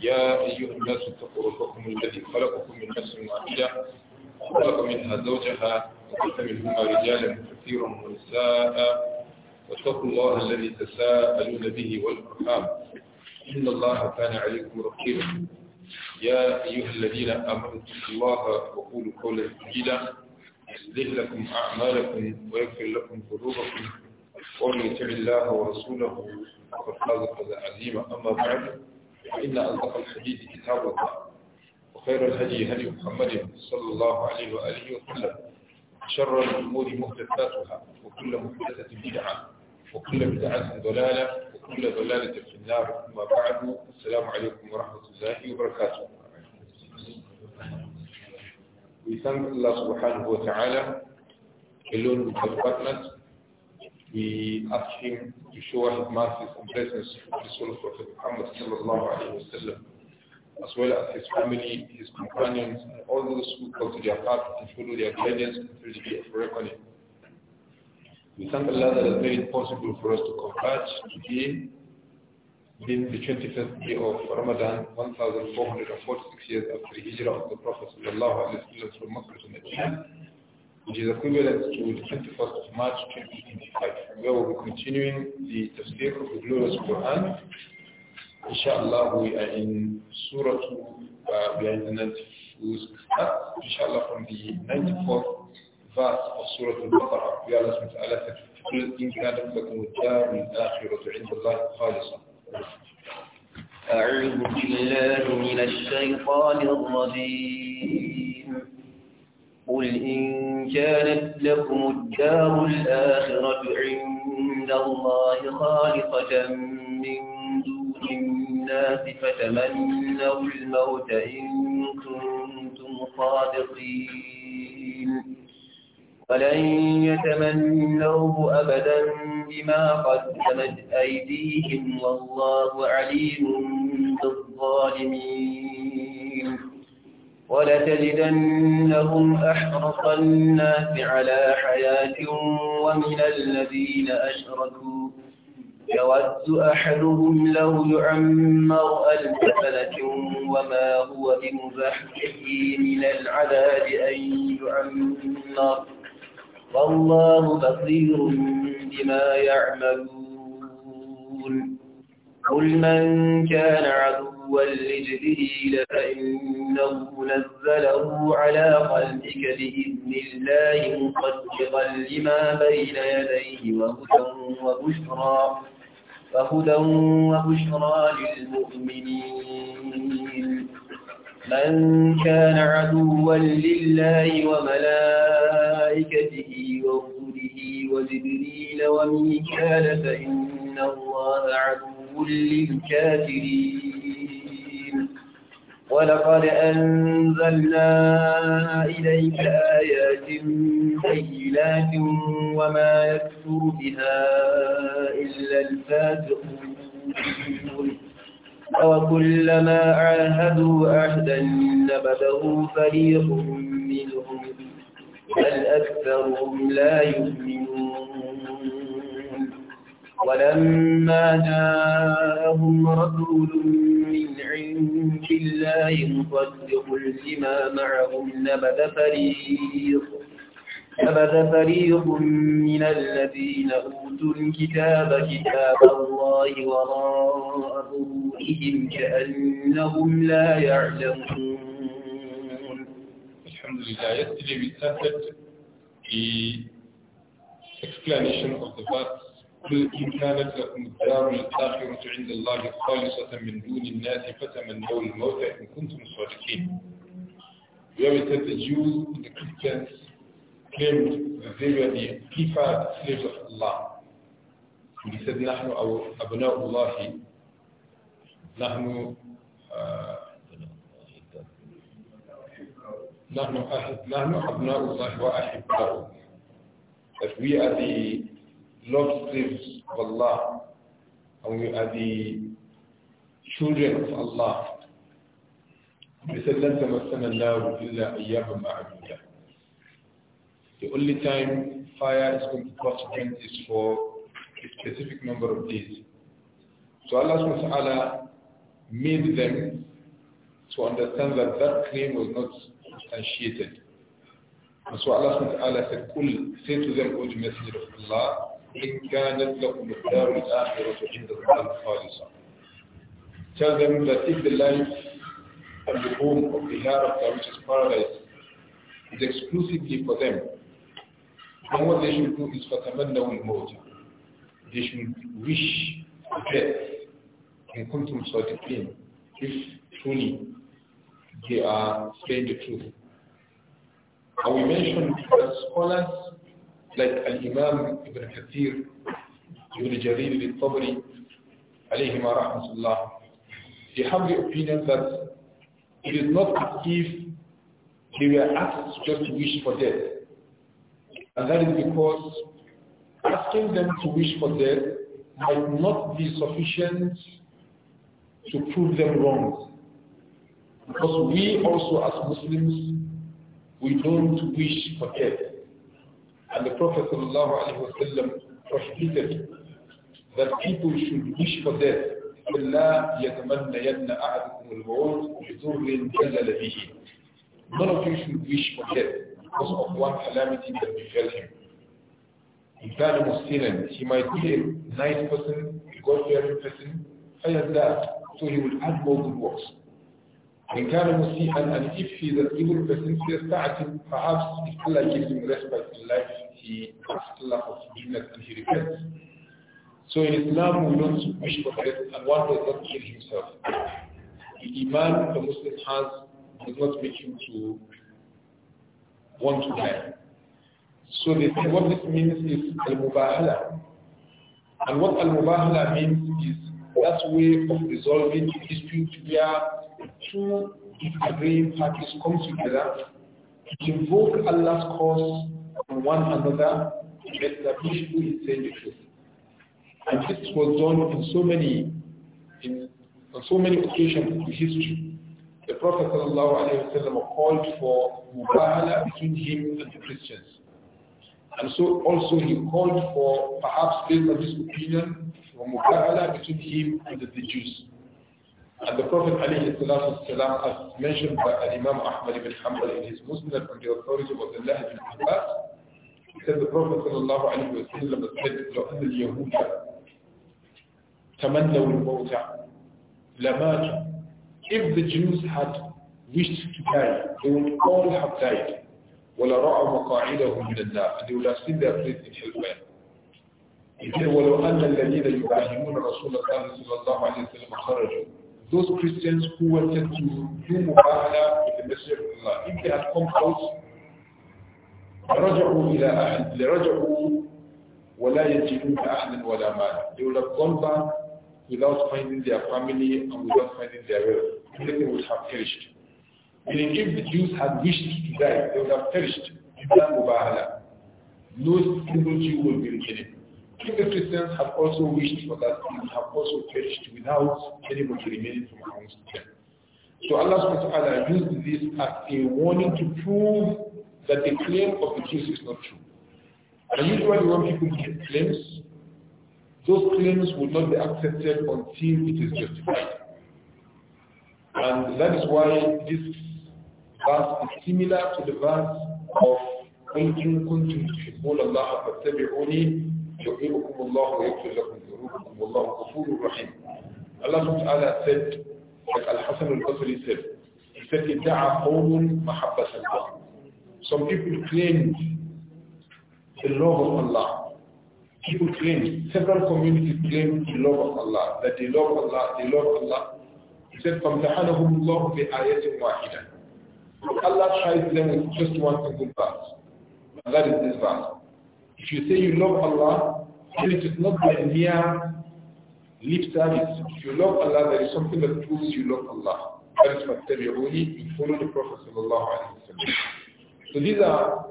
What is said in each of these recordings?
يا أيها الناس اتقوا ربكم الذي خلقكم من نفس واحدة خلق منها زوجها وخلق منهما رجالا كثيرا ونساء واتقوا الله الذي تساءلون به والأرحام إن الله كان عليكم رقيبا يا أيها الذين آمنوا اتقوا الله وقولوا قولا سديدا يصلح لكم أعمالكم ويغفر لكم ذنوبكم ومن يطع الله ورسوله فقد فاز فوزا عظيما أما بعد فإن أصدق الحديث كتاب الله وخير الهدي هدي محمد صلى الله عليه وآله وسلم شر الأمور محدثاتها وكل محدثة بدعة وكل بدعة ضلالة وكل ضلالة في النار أما بعد السلام عليكم ورحمة الله وبركاته We thank Allah subhanahu wa ta'ala alone with his partners. We ask him to show his mercy and blessings to the soul of Prophet Muhammad sallallahu alayhi wa sallam, as well as his family, his companions, and all those who come to their path and follow their guidance through the day of reckoning. We thank Allah that has made it possible for us to converge today being the 25th day of Ramadan, 1446 years after the hijrah of the Prophet sallallahu alayhi wa sallam from Makkah to Medina which is equivalent to the 21st of March 2025. We will be continuing the tafsir of the glorious Quran. Inshallah, we are in Surah 2, uh, we are in the 94th, inshallah, from the 94th verse of Surah Al-Baqarah. We are listening to Allah said, قل إن كانت لكم الدار الآخرة عند الله خالصا. أعوذ بالله من الشيطان الرجيم قل إن كانت لكم الدار الآخرة عند الله خالصة من دون الناس فتمنوا الموت إن كنتم صادقين فلن يتمنوه أبدا بما قدمت أيديهم والله عليم بالظالمين ولتجدنهم أحرص الناس على حياة ومن الذين أشركوا يود أحدهم لو يعمر ألف سنة وما هو بمزحزحه من العذاب أن يعمر والله بصير بما يعملون قل من كان عدوا لجبريل فإنه نزله على قلبك بإذن الله مصدقا لما بين يديه وهدى وبشرى فهدى وبشرى للمؤمنين من كان عدوا لله وملائكته ورسله وجبريل وميكال فإن الله عدو كل الكافرين ولقد أنزلنا إليك آيات بينات وما يكفر بها إلا الفاسقون أوكلما عاهدوا عهدا نبذه فريق منهم بل أكثرهم لا يؤمنون ولما جاءهم رسول من عند الله مصدق لما معهم نبذ فريق نبذ فريق من الذين أوتوا الكتاب كتاب الله وراء ظهورهم كأنهم لا يعلمون الحمد لله yesterday we started the explanation of the verse قل إن كانت لكم الدار الآخرة عند الله خالصة من دون الناس فتمنوا الموت إن كنتم صادقين. Where said the Jews and the Christians claimed that they were the preferred slaves of Allah. And he said, نحن أبناء الله نحن نحن أحب نحن أبناء الله وأحباؤه. That we are the love slaves of Allah and we are the children of Allah. They said, لَن تَمَسَّنَا اللَّهُ إِلَّا أَيَّابًا مَعَدُودًا The only time fire is going to prosper is for a specific number of days. So Allah subhanahu wa ta'ala made them to understand that that claim was not substantiated. And so Allah subhanahu wa ta'ala said, قُلْ Say to them, O the Messenger of Allah, إن كانت لكم الدار الآخرة عند الله خالصة Tell them that if the life and the home of the hereafter, which is paradise, is exclusively for them, then what they should do is فَتَمَنَّوا الْمَوْتَ They should wish death in kuntum sadiqin if truly they are saying the truth. And we mentioned that scholars like Al-Imam Ibn Kathir, Ibn Jarir al-Tabari, alayhima rahmatullah, they have the opinion that it is not as if they were asked just to wish for death. And that is because asking them to wish for death might not be sufficient to prove them wrong. Because we also as Muslims, we don't wish for death. And the Prophet ﷺ prohibited that people should wish for death. None of you should wish for death because of one calamity that befell him. In fact, Muslim, he might be a nice person, a God-fearing person, higher that, so he would add more good works. and if he is an evil person, فيستعتب perhaps if Allah gives him respite in life, he and he repents. So in Islam we don't wish for death and one does not kill himself. The Iman the Muslim has does not make him to want to die. So they say what this means is al-mubahala. And what al-mubahala means is that way of resolving a dispute where two different parties come together to invoke Allah's cause on one another establish who is saying the truth. And this was done in so many in, on so many occasions in history. The Prophet ﷺ called for mubahala between him and the Christians. And so also he called for, perhaps based on this opinion, for mubahala between him and the Jews. And the Prophet والسلام, as mentioned by Imam Ahmad ibn Hanbal in his Musnad from the authority of Abdullah ibn Abbas, he said the Prophet sallallahu alayhi wa said, الْيَهُودَ الْمَوْتَ لَمَاتُ If the Jews had wished to die, they would all have died. وَلَرَعَوْ مَقَاعِدَهُمْ مِنَ النَّارِ And they would have seen their place in hellfire. He said, وَلَوْ أَنَّ الَّذِينَ يُبَاهِمُونَ رَسُولَ اللَّهِ صَلَّى اللَّهُ عَلَيْهِ وَسَلَّمَ خَرَجُوا those Christians who wanted to do mubahala with the message of Allah, if they had come out, They would have gone back without finding their family and without finding their wealth. Everything would have perished. Meaning if the Jews had wished to die, they would have perished in that mubahala. No single Jew would be killed. If the Christians have also wished for that, and have also perished without anybody remaining from amongst them. So Allah subhanahu wa ta'ala used this as a warning to prove that the claim of the Jews is not true. And usually when people make claims, those claims will not be accepted until it is justified. And that is why this verse is similar to the verse of قُلْ إِن كُنْتُمْ يغفركم الله ويغفر لكم ذنوبكم والله غفور رحيم Allah subhanahu said like Al-Hasan al-Basri said he said idda'a qawmun mahabbat Allah some people claimed the love of Allah people claimed several communities claimed the love of Allah that they love Allah they love Allah he said فَامْتَحَنَهُمُ اللَّهُ بِآيَةٍ وَاحِدَةٍ Allah tries them with just one single verse and that is this verse if you say you love Allah, then it is not by mere lip service. If you love Allah, there is something that proves you love Allah. That is فَاتَّبِعُونِ You follow the Prophet So these are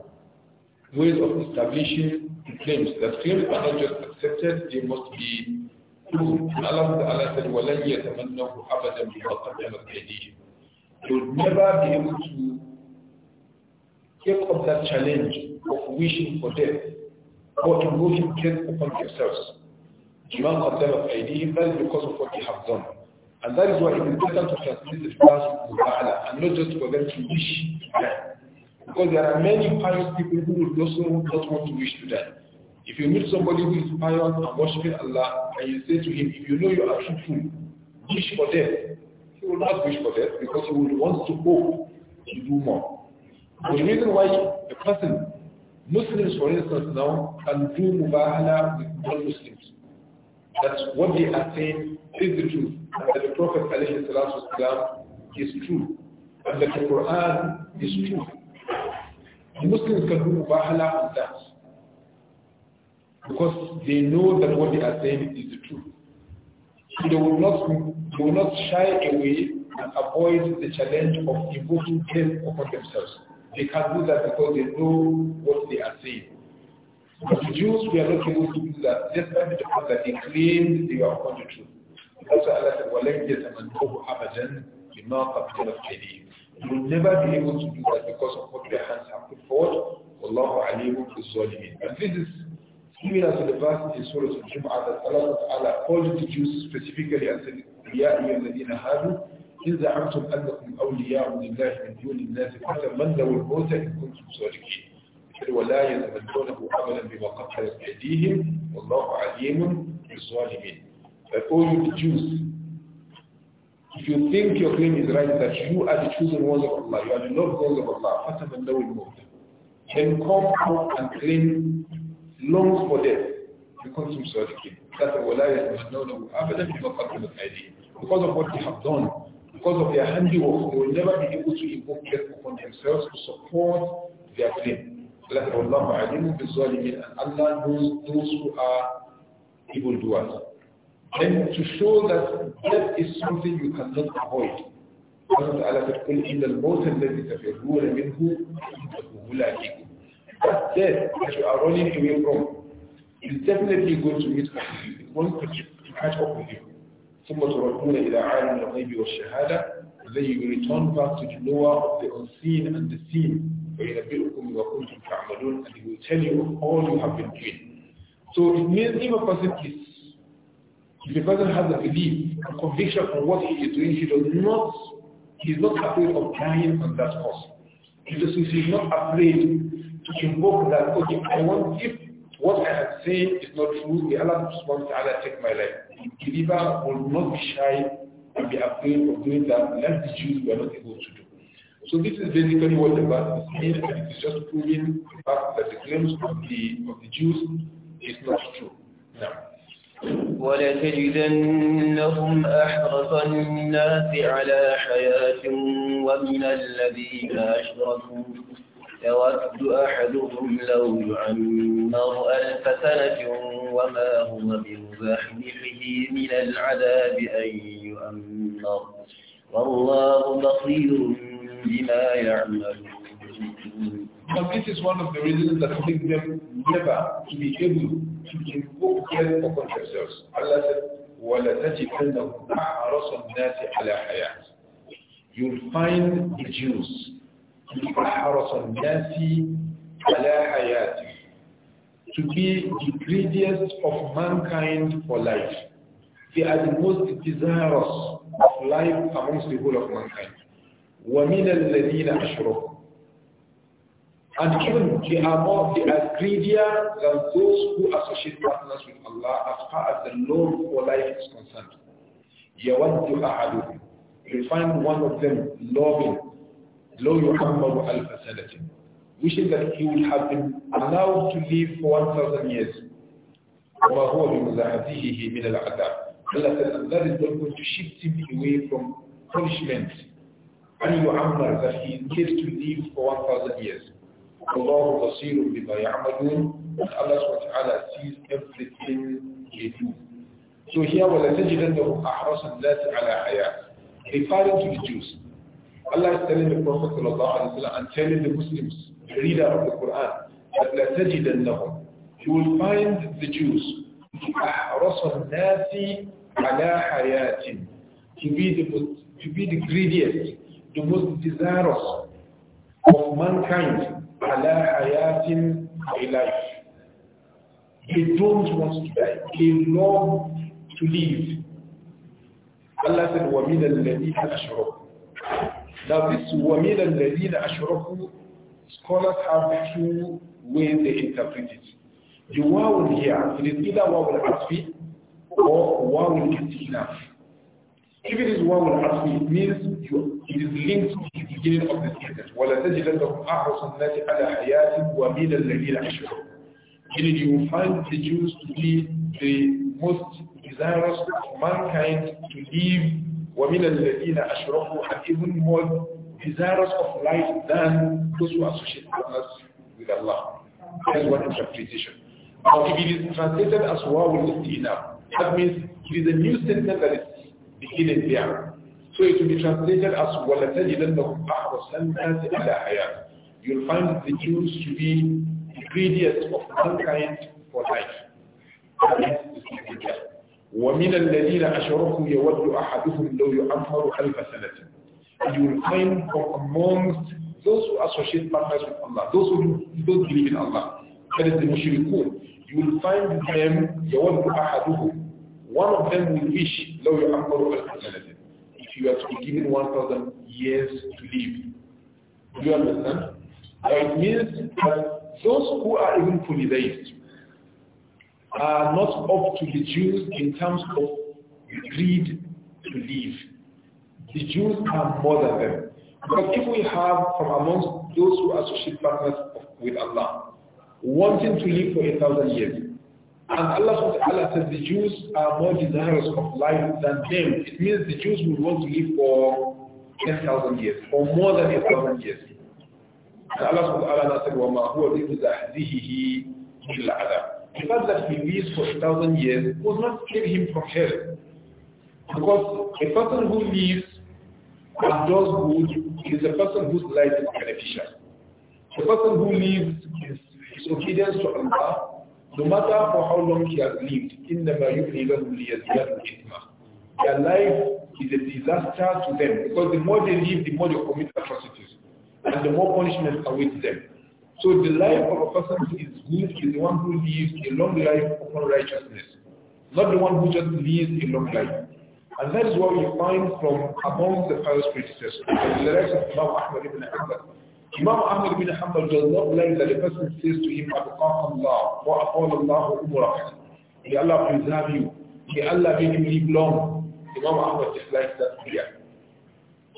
ways of establishing claims. That claims are not just accepted, they must be proved. Allah said, وَلَنْ يَتَمَنَّهُ أَبَدًا will never be able to take up that challenge of wishing for death or invoking death upon yourselves. Imam Qaddam of Aidihim, that is because of what you have done. And that is why it is better to translate the class with Ba'ala and not just for them to wish to die. Because there are many pious people who would also not want to wish to die. If you meet somebody who is pious and worshiping Allah and you say to him, if you know you are truthful, wish for death, he will not wish for death because he would want to hope to do more. But the reason why a person Muslims, for instance, now can do mubahala with non-Muslims. That's what they are saying is the truth. And that the Prophet والسلام, is true. And that the Quran is true. The Muslims can do mubahala with that. Because they know that what they are saying is the truth. So they will not, they will not shy away and avoid the challenge of invoking death upon themselves. They can do that because they know what they are saying. But the Jews we are not able to do that, despite the fact that they claim they were upon the truth. That's why Allah said, وَلَنْ يَتَمَنْهُهُ أَبَدًا بِمَا قَبْلَ الْكَرِيمِ You will never be able to do that because of what their hands have put forward. وَاللَّهُ عَلِيمٌ بِالظَّالِمِينَ And this is similar to the verse in Surah Al-Jum'ah that Allah Ta'ala called the Jews specifically and said, يَا أَيُّهَا الَّذِينَ هَادُوا إذا زعمتم أنكم أولياء لله من دون الناس فتمنوا الموت إن كنتم صادقين ولا يتمنونه أبدا بما قدمت أيديهم والله عليم بالظالمين فقول the Jews If you think your claim is right that you are the chosen ones of Allah, you are the loved ones of Allah, فتمنوا الْمَوْتَ Then come out and claim long for death. كنتم صادقين. That's why لا يتمنونه أبدا بما قدمت أيديهم. Because of what they have done, because of their handiwork, they will never be able to invoke help upon themselves to support their claim. Allah Allah knows those who are evildoers. Then to show that death is something you cannot avoid. Allah Ta'ala said, قُلْ إِنَّ الْمَوْتَ الَّذِي تَفِرُّونَ مِنْهُ إِنَّهُ مُلَاكِكُمْ That death that you are running away from is definitely going to meet up with you. It won't catch up with you. ثم تردون إلى عالم الغيب والشهادة then you will return back to the lower of the unseen and the seen وينبئكم بما تعملون and he will tell you all you have been doing. So it means if a person is if a person has a belief a conviction on what he is doing, he does not he is not afraid of dying on that cause. He does he is not afraid to invoke that okay, I want if what I have said is not true. The Allah subhanahu wa ta'ala take my life. The believer will not be shy and be afraid of doing that, Let the Jews were not able to do. So this is basically what the verse is saying, and it is just proving the fact that the claims of the, of the Jews is not true. Now. ولتجدنهم أحرص الناس على حياة ومن الذين أشركوا يود أحدهم لو يعمر ألف سنة وما هو بمزاحمه من العذاب أن يؤمر والله بصير بما يعملون But this is one of the reasons that make them never to be able to invoke death upon themselves. Allah said, وَلَتَجِدَنَّهُمْ أَحْرَصَ النَّاسِ عَلَى حَيَاتِ You'll find the Jews be حرص الناس على حياته to be the greediest of mankind for life. They are the most desirous of life amongst the whole of mankind. وَمِنَ الَّذِينَ أَشْرَكُوا And even they are more, they are greedier than those who associate partners with Allah as far as the love for life is concerned. يَوَدُّ أَحَدُهُمْ You find one of them loving لو يحمر ألف سنة wishing that he would have been allowed to live for 1,000 years. وما هو بمزاحته من العذاب. Allah said, and that is not going to shift him away from punishment. And يعمر that he needs to live for 1,000 years. Allah بصير بما يعملون. And Allah Subhanahu wa Taala, sees everything they do. So here, وَلَتَجِدَنَّهُمْ أَحْرَصًا لَاتِ عَلَى حَيَاةٍ Referring to the Jews. Allah is telling the Prophet and telling the Muslims, the reader of the Quran, that لَتَجِدَنَّهُمْ You will find the Jews أَحْرَصَ النَّاسِ عَلَى to be, the, most, to be the greediest, the most desirous of mankind عَلَى حَيَاتٍ a life. They don't want to die. They love to live. Allah said, وَمِنَ الَّذِينَ أَشْرَكُوا that is, وَمِنَ الَّذِينَ أَشْرَكُوا Scholars have two ways they interpret it. The wawul here, it is either ask me or will get enough. If it is will ask me, it means you, it is linked to the beginning of the sentence. وَلَتَجِلَنَّهُمْ أَحْرَصُ النَّاسِ عَلَى حَيَاتٍ وَمِنَ الَّذِينَ أَشْرَكُوا Meaning you will find the Jews to be the most desirous of mankind to live وَمِنَ الَّذِينَ أَشْرَكُوا and even more desirous of life than those who associate partners with Allah. That's one interpretation. Now, if it is translated as wawul istina, that means it is a new statement that is beginning there. So it will be translated as وَلَتَجِدَنَّهُمْ أَحْرَسَ النَّاسِ عَلَى حَيَاةٍ You'll find the Jews to be ingredients of mankind for life. That is the ومن الذين أشركوا يود أحدهم لو يعمر ألف سنة and you will find from amongst those who associate partners with Allah, those who don't believe in Allah, that is the mushrikun, you will find them يود أحدهم one of them will wish لو يعمر ألف سنة if you are to be given 1,000 years to live. Do you understand? Now it means that those who are even fully polytheists, are not up to the Jews in terms of greed to live. The Jews are more than them. Because if we have from amongst those who associate partners with Allah, wanting to live for a thousand years, and Allah SWT says the Jews are more desirous of life than them, it means the Jews will want to live for 10,000 years, or more than a thousand years. And Allah SWT said, وَمَا هُوَ بِمُزَحْزِهِهِ إِلَّا عَذَابٍ the fact that he lives for a thousand years will not save him from hell. Because a person who lives and does good is a person whose life is beneficial. The person who lives is, is obedience to Allah, no matter for how long he has lived. إِنَّمَا يُبْلِغَهُ لِيَزْيَادُ إِثْمَهُ Their life is a disaster to them because the more they live, the more they commit atrocities and the more punishment awaits them. So the life of a person who is good is the one who lives a long life upon righteousness, not the one who just lives a long life. And that is what we find from among the first predecessors, the likes of Imam Ahmad ibn Hanbal. Imam Ahmad ibn Hanbal does not like that a person says to him, Allah, wa Allah umurak. May Allah preserve you. May Allah make you live long. Imam Ahmad dislikes that prayer.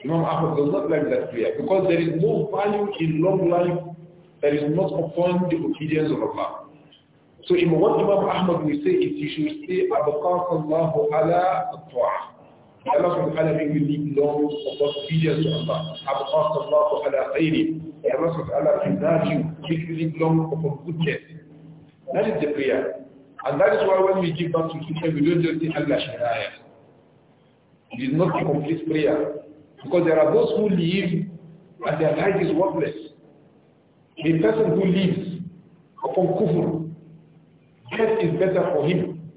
Imam Ahmad does not like that prayer because there is no value in long life that is not upon the obedience of Allah. So in what Imam Ahmad will say is you should say Abaqaq Allahu ala at Allah subhanahu wa ta'ala will lead long upon obedience to Allah. Abaqaq Allahu ala khayri. Allah subhanahu wa ta'ala will guide you, make you live long upon goodness. That is the prayer. And that is why when we give back to people, we don't just say Allah Shahaya. It is not a complete prayer. Because there are those who live and their life is worthless. A person who lives upon kufr, death is better for him.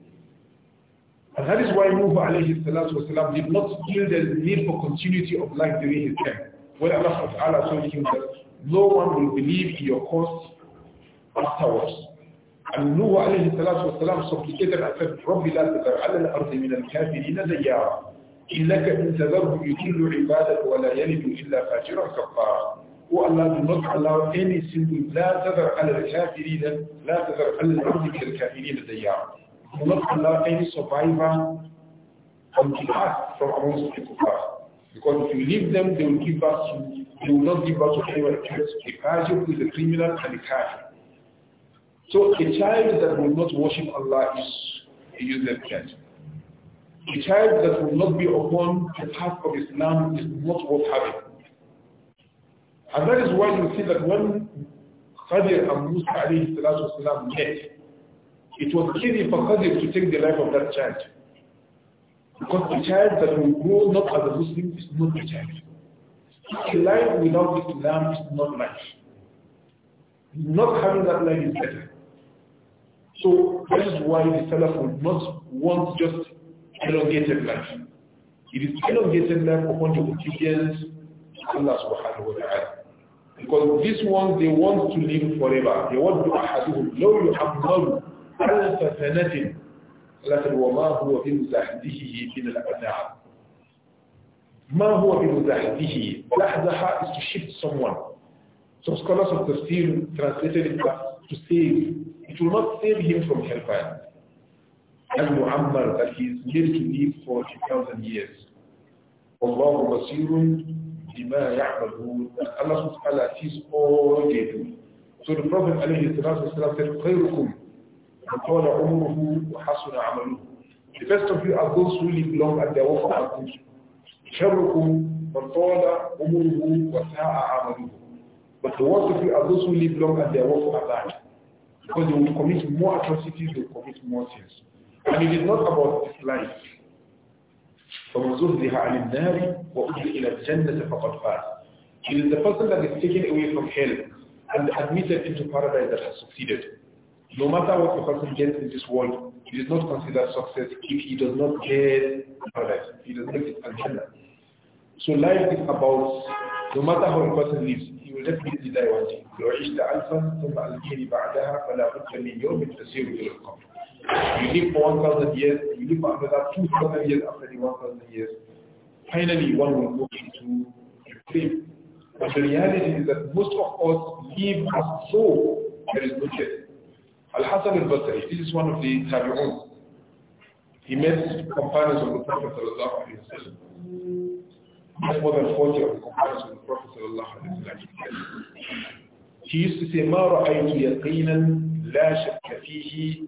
And that is why Nuh alayhi salatu wasalam did not feel the need for continuity of life during his time. When Allah Ta'ala told him that no one will believe in your cause afterwards. And Nuh alayhi salatu wasalam supplicated and said, رَبِّ لَا تَذَرْ عَلَى الْأَرْضِ مِنَ الْكَافِرِينَ دَيَّارًا إِنَّكَ إِنْ تَذَرْهُمْ يُضِلُّ عِبَادَكَ وَلَا يَلِدُ إِلَّا فَاجِرًا كَفَّارًا who Allah do not allow any sin la tazar ala al-kafirin la tazar ala al-ardi min al-kafirin do not allow any survivor from the earth from amongst the kuffar because if you leave them they will give us they will not give us to anyone else the kafir is a criminal and the kafir so a child that will not worship Allah is a useless child a child that will not be upon the path of Islam is not worth having and that is why you see that when Khadir and Musa alayhi salatu wasalam met, it was easy for Khadir to take the life of that child. Because the child that will grow not as a Muslim is not a child. A life without Islam is not life. Not having that life is better. So that is why the Salaf would not want just elongated life. It is elongated life upon the obedience Allah subhanahu wa ta'ala. Because this one, they want to live forever. They want to أحدهم لو يحمل ألف سنة لكن وما هو بمزحزحه من النار. ما هو بمزحزحه؟ لحظة is to shift someone. Some scholars of the steel translated it to save. It will not save him from hellfire. And muammar that he is made to live for 2,000 years. والله بصير bima ya'malun. Allah subhanahu wa ta'ala all they do. So the Prophet alayhi salatu wasalam said, خيركم من طال عمره وحسن عمله. The best of you are those who live long and their work are good. شركم من طال عمره وساء عمله. But the worst of you are those who live long and their work are bad. Because they will commit more atrocities, they will commit more sins. And it is not about this life. فَمَنْ زُهْدِهَا عَنِ النَّارِ وَأُدْهِ إِلَى الْجَنَّةِ فَقَدْ فَاتِ It is the person that is taken away from hell and admitted into paradise that has succeeded. No matter what the person gets in this world, it is not considered success if he does not get paradise, he does not get al-Jannah. So life is about, no matter how a person lives, he will definitely die one day. لو ثم ألفين بعدها فلا بد من يوم تسير إلى القبر. You live for 1,000 years, you live for another 2,000 years after the 1,000 years. Finally, one will go into a grave. But the reality is that most of us live as though there is no death. Al-Hasan al-Basri, this is one of the tabi'un. He met companions of the Prophet sallallahu alayhi wa sallam. That's more than 40 of the companions of the Prophet sallallahu alayhi wa sallam. He used to say, مَا رَأَيْتُ يَقِينًا لَا شَكَّ فِيهِ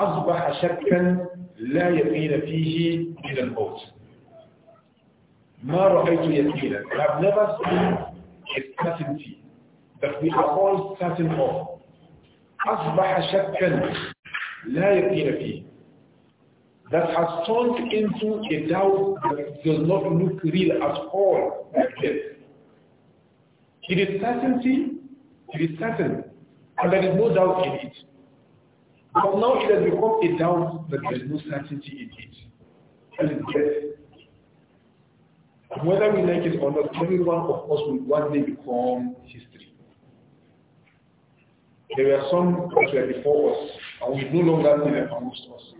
أصبح شكا لا يقين فيه من الموت ما رأيت يقينا I have never seen a certainty that we are all certain of أصبح شكا لا يقين فيه that has turned into a doubt that does not look real at all like this. It is certainty, it is certain, and there is no doubt in it. But now it has become a doubt that there is no certainty in it. And whether we like it or not, every one of us will one day become history. There were some that were before us, and we no longer see them amongst us.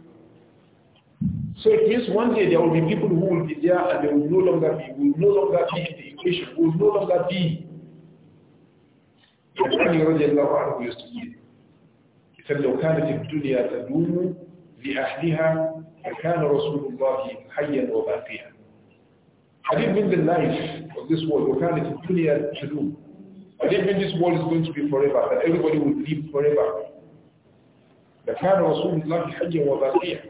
So it means one day there will be people who will be there and they will no longer be, will no longer be in the equation, will no longer be. used to be. فلو كانت الدنيا تدوم لأهلها لكان رسول الله حيا وباقيا I mean the life of this world وكانت the dunya تدوم I didn't mean this world is going to be forever, that everybody will live forever. لكان رسول الله حيا وباقيا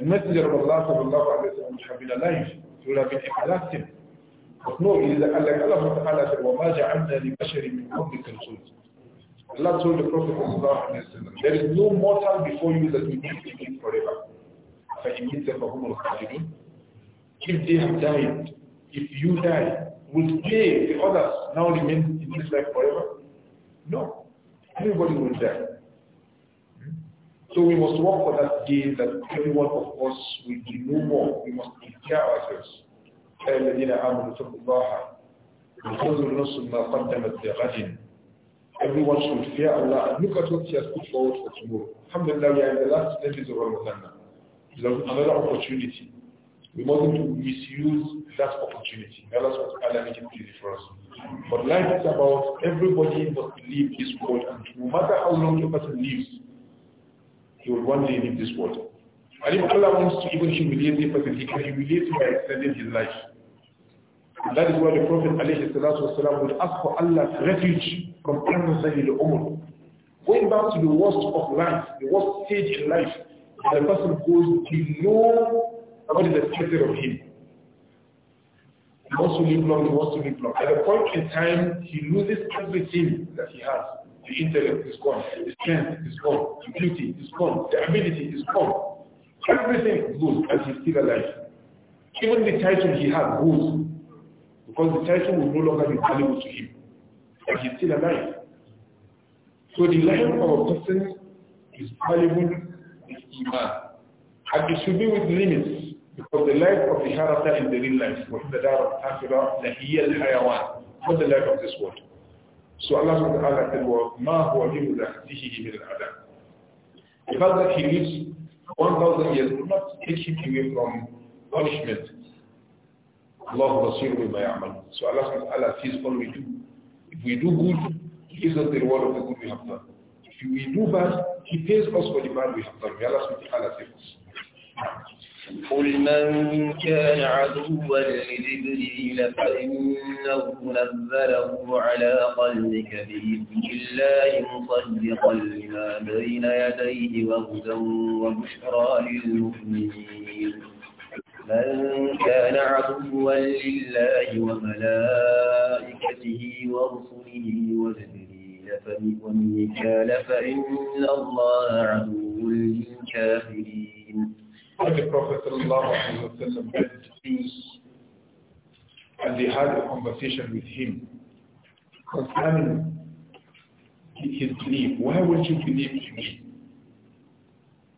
المسجد من الله صلى الله عليه وسلم حب إلى لايف يقول من إحلاس قلت إذا قال لك الله تعالى وما جعلنا لبشر من قبلك الخلق Allah told the Prophet there is no mortal before you that will be in forever. If they have died, if you die, will they, the others, now remain in this life forever? No. Everybody will die. Hmm? So we must work for that day that everyone of us will be no more. We must prepare ourselves. الذين everyone should fear Allah and look at what He has put forward for tomorrow. Alhamdulillah, we are in the last days of Ramadan now. It is another opportunity. We mustn't misuse that opportunity. Allah what Allah make it easy for us. But life is about everybody must leave this world and no matter how long a person lives, he will one day leave this world. And if Allah wants to even humiliate a person, he can humiliate him by extending his life. That is why the Prophet والسلام, would ask for Allah's refuge from Amazon the Umar. Going back to the worst of life, the worst stage in life, the person goes below what is expected of him. He wants to live long, he wants to live long. At a point in time, he loses everything that he has. The intellect is gone, the strength is gone, the beauty is gone, the ability is gone. Everything goes as he's still alive. Even the title he has goes because the title will no longer be valuable to him. But he's still alive. So the life of a person is valuable with Iman. And it should be with limits because the life of the character in the real life. وَإِنَّ دَارَ الْآخِرَةِ لَهِيَ hayawan Not the life of this world. So Allah subhanahu wa ta'ala ma وَمَا هُوَ مِنُ لَحْزِهِ مِنْ الْعَدَامِ The fact that he lives 1,000 years will not take him away from punishment. Allah Basir bima ya'mal. So Allah subhanahu sees all we do. If we do good, He gives us the reward of the good we have done. If we do bad, He pays us for the bad we have done. May Allah subhanahu wa ta'ala save us. قل من كان عدوا لجبريل فإنه نذره على قلبك بإذن الله مصدقا لما بين يديه وهدى وبشرى للمؤمنين من كان عدوا لله وملائكته ورسله وجبريل وميكال فإن الله عدو للكافرين The Prophet وسلم, had Jews and they had a conversation with him concerning his belief. Why would you believe in me?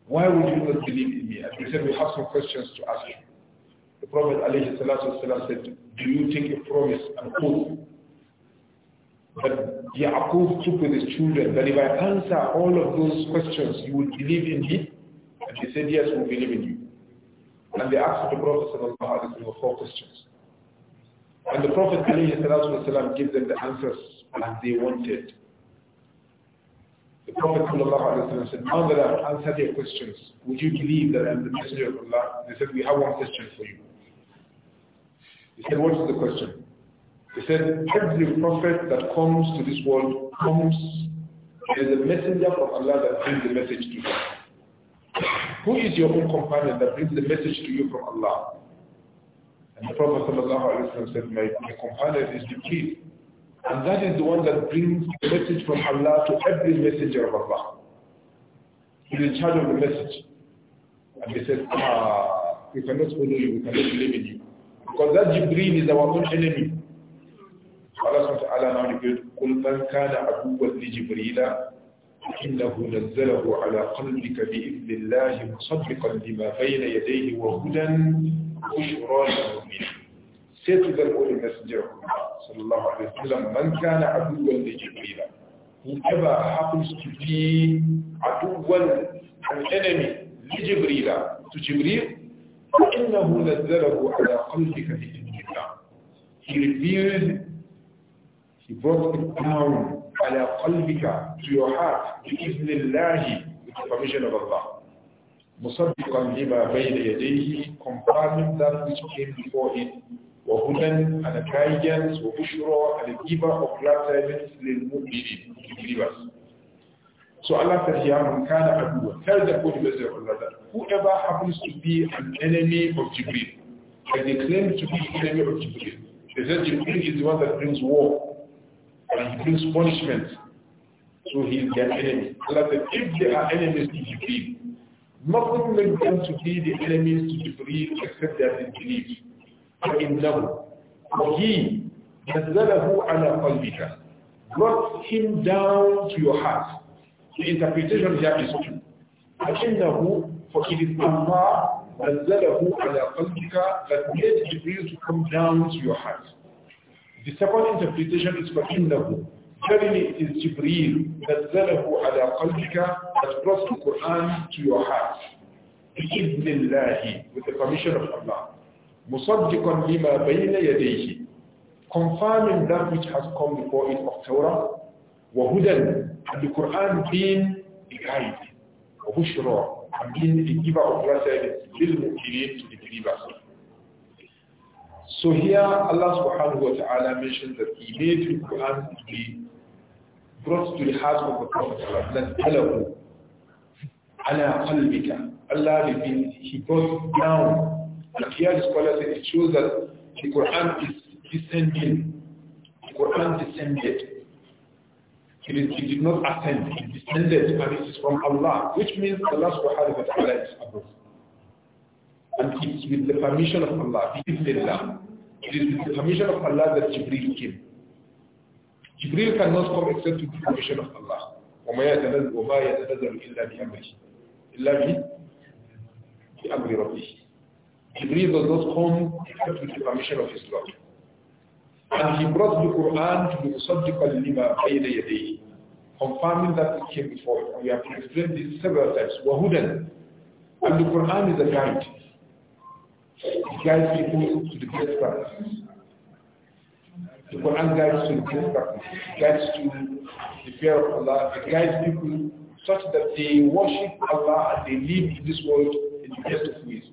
Why would you not believe in me? And he said, we have some questions to ask you. The Prophet ﷺ said, do you take a promise and oath? But Yaqub took with his children that if I answer all of those questions, you will believe in me? And he said, yes, we we'll believe in you. And they asked the Prophet ﷺ four questions. And the Prophet ﷺ gave them the answers that they wanted. The Prophet ﷺ said, now that I've answered your questions, would you believe that I'm the messenger of Allah? They said, we have one question for you. He said, what is the question? He said, every prophet that comes to this world comes as a messenger from Allah that brings the message to you. Who is your own companion that brings the message to you from Allah? And the Prophet ﷺ said, my, my companion is the key, And that is the one that brings the message from Allah to every messenger of Allah. He is in charge of the message. And he said, ah, we cannot follow you, we cannot believe in you. Because that Jibreel is our own enemy. Allah subhanahu wa ta'ala now repeat, قُلْ مَنْ كَانَ عَدُوًا لِجِبْرِيلَ إِنَّهُ نزله على قلبك بإذن الله مصدقا لما بين يديه وهدى بشرى للمؤمنين. Say to them, O Messenger of Allah, sallallahu alayhi wa sallam, من كان عدوا لجبريل. Whoever happens to be عدوا, an enemy, لجبريل, to Jibreel, فإنه نزله على قلبك He revealed, he brought it down على قلبك to your heart بإذن الله with the permission of Allah. مصدقا لما بين يديه confirming that which came before him وهدى and a guidance وبشرى and a giver of glad tidings للمؤمنين believers. So Allah said here, Man kana aduwa. Tell the Holy Messenger of Allah that whoever happens to be an enemy of Jibreel, and they claim to be an enemy of Jibreel, they said Jibreel is the one that brings war, and he brings punishment. So he is their enemy. Allah said, if they are enemies to Jibreel, nothing only them to be the enemies to Jibreel except that they believe. فإنه وهي نزله على قلبك brought him down to your heart the interpretation here is true. أَكِنَّهُ For it is Allah نَزَّلَهُ عَلَى قَلْبِكَ that made Jibreel to come down to your heart. The second interpretation is فَإِنَّهُ Verily it is Jibreel نَزَّلَهُ عَلَى قَلْبِكَ that brought the Quran to your heart. بِإِذْنِ اللَّهِ With the permission of Allah. مُصَدِّقًا لِمَا بَيْنَ يَدَيْهِ Confirming that which has come before it of Torah وَهُدًا and the Quran being a guide, a bushra, and being a giver of blessings, little mu'minin to the believers. So here Allah subhanahu wa ta'ala mentions that He made the Quran to be brought to the heart of the Prophet that Alahu ala qalbika. Allah revealed, He brought down. And here the scholar said it shows that the Quran is descending. The Quran descended He did not ascend, He descended, and it is from Allah, which means Allah subhanahu wa ta'ala is above. And it's with the permission of Allah, bi'idhnillah. It is with the permission of Allah that Jibril came. Jibril cannot come except with the permission of Allah. وما يتنزل وما يتنزل إلا بأمره إلا بأمر ربه Jibril does not come except with the permission of his Lord. And he brought the Quran to be صدقا لما بين يديه confirming that it came before it. And we have explained this several times. Wahudan. And the Quran is a guide. It guides people to the best practices. The Quran guides to the best practices. It guides to the fear of Allah. It guides people such that they worship Allah and they live in this world in the best of ways.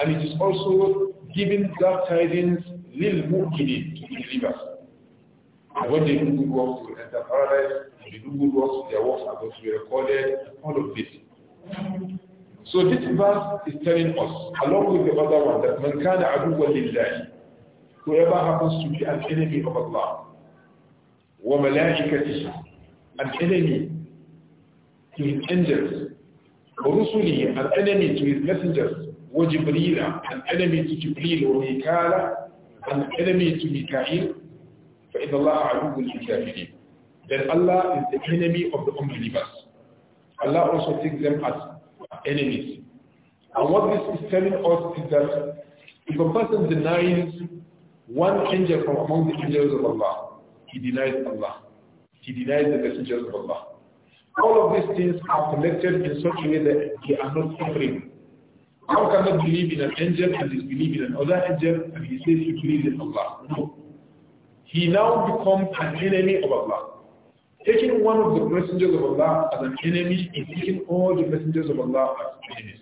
And it is also giving that tidings lil mu'minin to the believers. And when they do good works, they will enter paradise. the they do good works, their works are going to be recorded. All of this. So this verse is telling us, along with the other one, that man kana aduwa lillahi, whoever happens to be an enemy of Allah, wa malaikatihi, an enemy to his angels, wa rusulihi, an enemy to his messengers, wa jibrila, an enemy to Jibril, wa mikala, an enemy to Mikail, فإن الله عدو للكافرين Then Allah is the enemy of the unbelievers. Allah also takes them as enemies. And what this is telling us is that if a person denies one angel from among the angels of Allah, he denies Allah. He denies the messengers of Allah. All of these things are connected in such a way that they are not suffering. One cannot believe in an angel and disbelieve in another angel and he says he believes in Allah. No he now becomes an enemy of Allah. Taking one of the messengers of Allah as an enemy is taking all the messengers of Allah as enemies.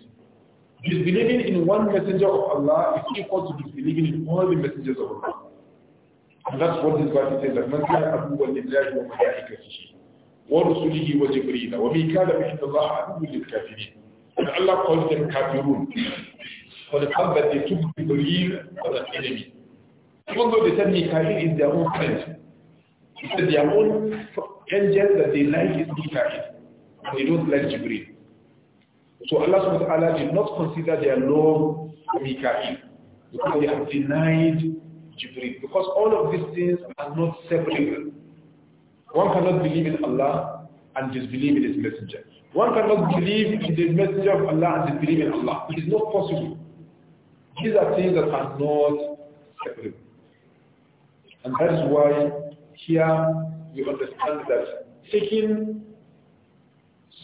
Disbelieving in one messenger of Allah is equal to disbelieving in all the messengers of Allah. And that's what this verse says, that man كان عدوا لله وملائكته ورسله وجبريل وميكال فإن الله عدو للكافرين. And Allah calls them kafirun for the fact that they took the believe as an enemy. Even though they said Mika'il is their own friend. He said their own angel that they like is Mika'il. And they don't like Jibril. So Allah subhanahu wa ta'ala did not consider their love for Mika'il because they have denied Jibril. Because all of these things are not separable. One cannot believe in Allah and disbelieve in his messenger. One cannot believe in the messenger of Allah and disbelieve in Allah. It is not possible. These are things that are not separable. And that's why here we understand that taking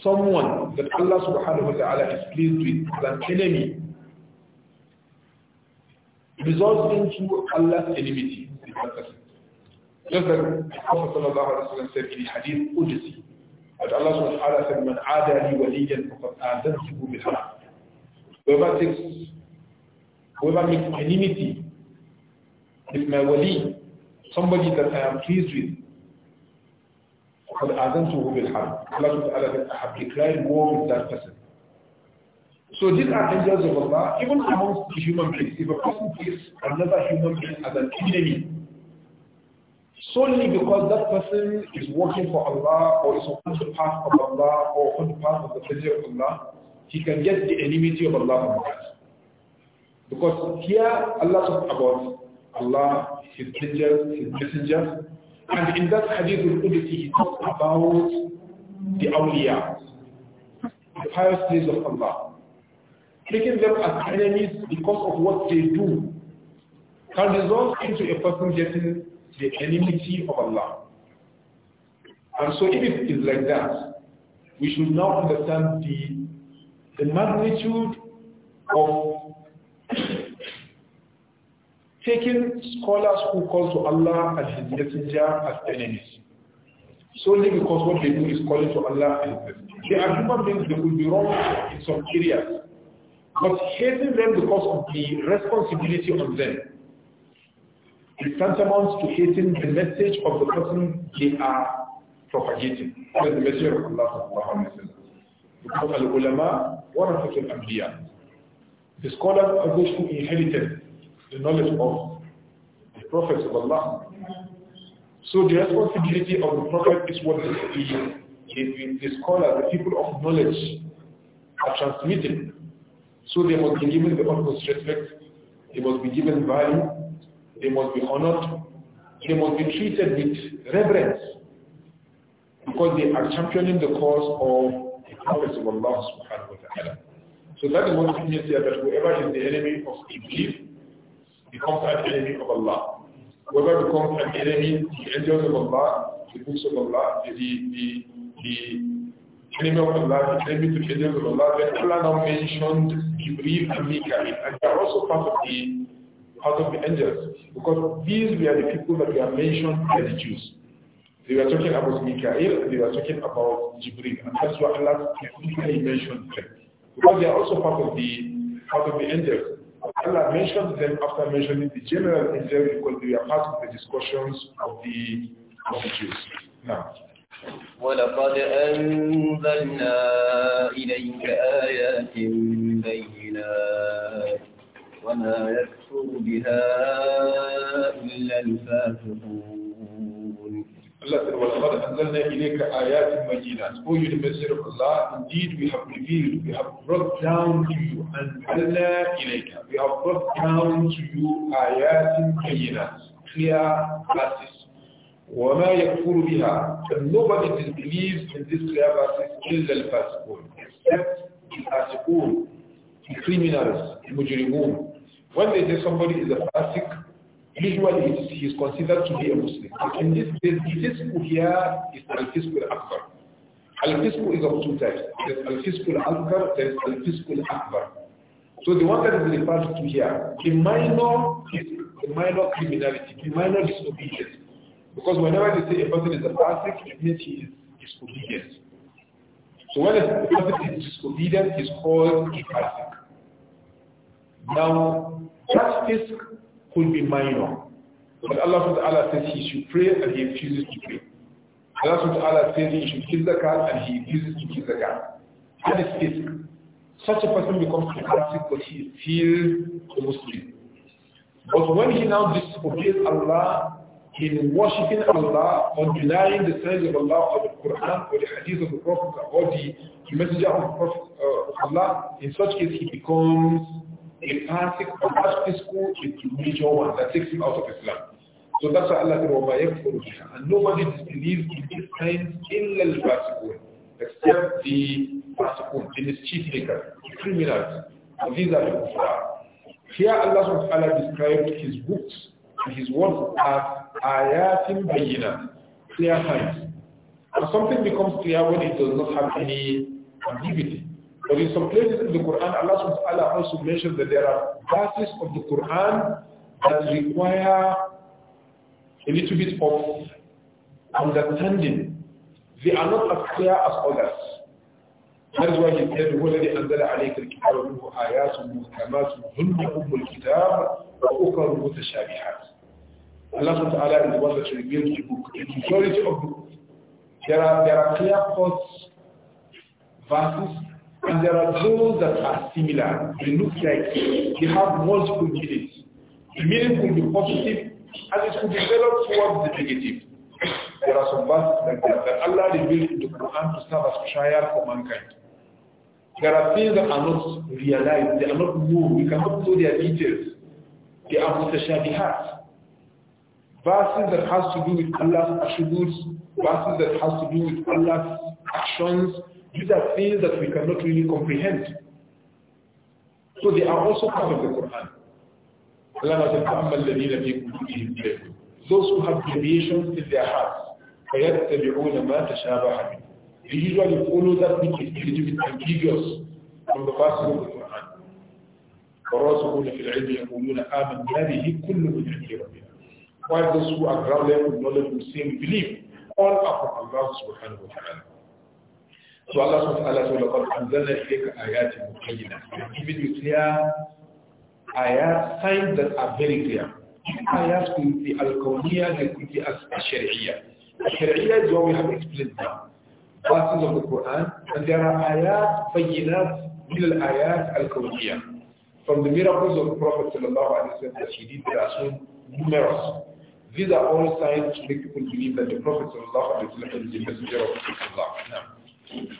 someone that Allah subhanahu wa ta'ala is pleased with as an enemy results into Allah's enmity Just like the Prophet sallallahu alayhi wa said in the Hadith Ujisi, that Allah subhanahu wa ta'ala said, من عادى لي وليا فقد آذنته بالحق. Whoever takes, whoever makes enmity with my wali, somebody that I am pleased with. فقد أذنته بالحرب Allah Ta'ala I have declared war with that person so these are angels of Allah even amongst the human beings if a person takes another human being as an enemy solely because that person is working for Allah or is on the path of Allah or on the path of the pleasure of Allah he can get the enmity of Allah from that because here Allah talks about Allah, His teachers, His messengers. And in that hadith al-Qudsi, he talks about the awliya, the pious days of Allah. Taking them as enemies because of what they do can result into a person getting the enmity of Allah. And so if it is like that, we should now understand the, the magnitude of taking scholars who call to Allah and His Messenger as enemies. Solely because what they do is calling to Allah and His Messenger. They are human beings, they will be wrong in some areas. But hating them because of the responsibility on them is tantamount to hating the message of the person they are propagating. That is the message of Allah subhanahu wa ta'ala. Because al-ulama, The scholars are those who inherited the knowledge of the prophets of Allah. So the responsibility of the prophet is what the, the, the the people of knowledge are transmitting. So they must be given the utmost respect, they must be given value, they must be honored, they must be treated with reverence because they are championing the cause of the prophets of Allah subhanahu wa ta'ala. So that is what it means here that whoever is the enemy of a belief becomes an enemy of Allah. Whoever becomes an enemy, the angels of Allah, the books of Allah, the, the, the enemy of Allah, the enemy to the angels of Allah, then Allah now mentioned Jibreel and Mikael. And they are also part of the part of the angels. Because these were the people that were mentioned by the Jews. They were talking about Mikael, they were talking about Jibreel. And that's why Allah specifically mentioned them. Because they are also part of the part of the angels. Allah mentioned them after mentioning the general itself because they are part of the discussions of the, of the Jews. Now. ولقد أنزلنا إليك آيات بينات وما يكفر بها إلا الفاسقون Allah said, أَنزَلْنَا إِلَيْكَ آيَاتٍ بَيِّنَاتٍ O you, the Messenger of Allah, indeed we have revealed, we have brought down to you, أَنزَلْنَا إِلَيْكَ We have brought down to you آيَاتٍ بَيِّنَاتٍ Clear verses. وَمَا يَكْفُرُ بِهَا And nobody disbelieves in these clear verses إِلَّا الْفَاسِقُونَ Except the fasiqun, the criminals, the mujrimun. When they say somebody is a fasiq, usually he is considered to be a Muslim. But in this case, the here is al-fisq al-akbar. Al-fisq is of two types. There is al-fisq al-akbar, there is al-fisq al-akbar. So the one that is referred to here, the minor the minor criminality, the minor disobedience. Because whenever they say a person is a fasik, it means he is disobedient. So when a person is disobedient, he's called a fasik. Now, that fisk could be minor. But Allah Ta'ala says he should pray and he refuses to pray. Allah Ta'ala says he should the cat and he refuses to give zakat. That is fisk. Such a person becomes a Catholic because he is still a Muslim. But when he now disobeys Allah in worshipping Allah or denying the signs of Allah or the Quran or the hadith of the Prophet or the, the messenger of the Prophet uh, of Allah, in such case he becomes a passing a school is the major one that takes him out of Islam. So that's why Allah said, And nobody disbelieves in these kinds, illa al-fasiqun, except the fasiqun, the maker, the criminals. And these are the kuffar. Here Allah subhanahu described his books and his words as ayatim bayina, clear signs. And something becomes clear when it does not have any ambiguity. But in some places in the Quran, Allah subhanahu wa ta'ala also mentioned that there are verses of the Quran that require a little bit of understanding. They are not as clear as others. That is why he said, هو الذي أنزل عليك الكتاب منه آيات محكمات هن أم الكتاب وأخر متشابهات. Allah subhanahu wa ta'ala is the one that revealed the book. The majority of the book. There are, there are clear-cut verses and there are those that are similar. They look like they have multiple meanings. The meaning could be positive and it could develop towards the negative. There are some verses like that that Allah revealed in the Quran to serve as trial for mankind. There are things that are not realized, they are not known, we cannot know their details. They are mutashabihat. Verses that has to do with Allah's attributes, verses that has to do with Allah's actions, these are things that we cannot really comprehend. So they are also part of the Quran. Those who have deviations in their hearts, they usually follow that which is a little ambiguous from the verses of the Quran. والراسخون في العلم يقولون به كل من ربنا. While those who are grounded in knowledge will say, believe all are from Allah subhanahu wa ta'ala. So Allah subhanahu wa ta'ala said, لَقَدْ أَنزَلْنَا إِلَيْكَ آيَاتٍ مُبَيِّنَةٍ I've given you clear ayat, signs that are very clear. Ayat could be al-kawniyah and could be al-shari'iyah. Al-shari'iyah is what we have explained now. Verses of the Quran, and there are ayat, bayyinat, min al-ayat al-kawniyah. From the miracles of the Prophet sallallahu alayhi wa that he did, there are so numerous. These are all signs to make people believe that the Prophet sallallahu alayhi wa sallam is the messenger of Allah. Now,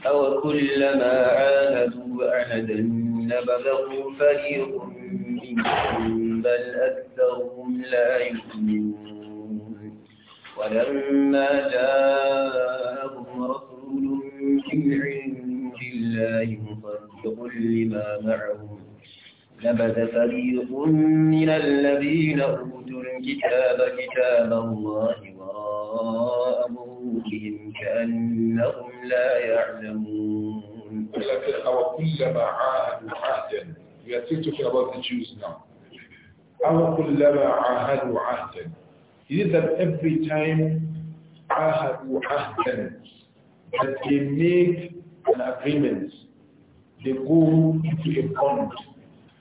أو كلما عاهدوا عهدا نبذه فريق منهم بل أكثرهم لا يؤمنون ولما جاءهم رسول من عند الله مصدق لما معهم نبذ فريق من الذين أوتوا الكتاب كتاب الله وراء ظهورهم كأنهم لا يعلمون. لكن عاهدوا عهدا We are about the Jews now. عاهدوا عهدا Is it that every time عاهدوا عهدا that they make an agreement, they go into a bond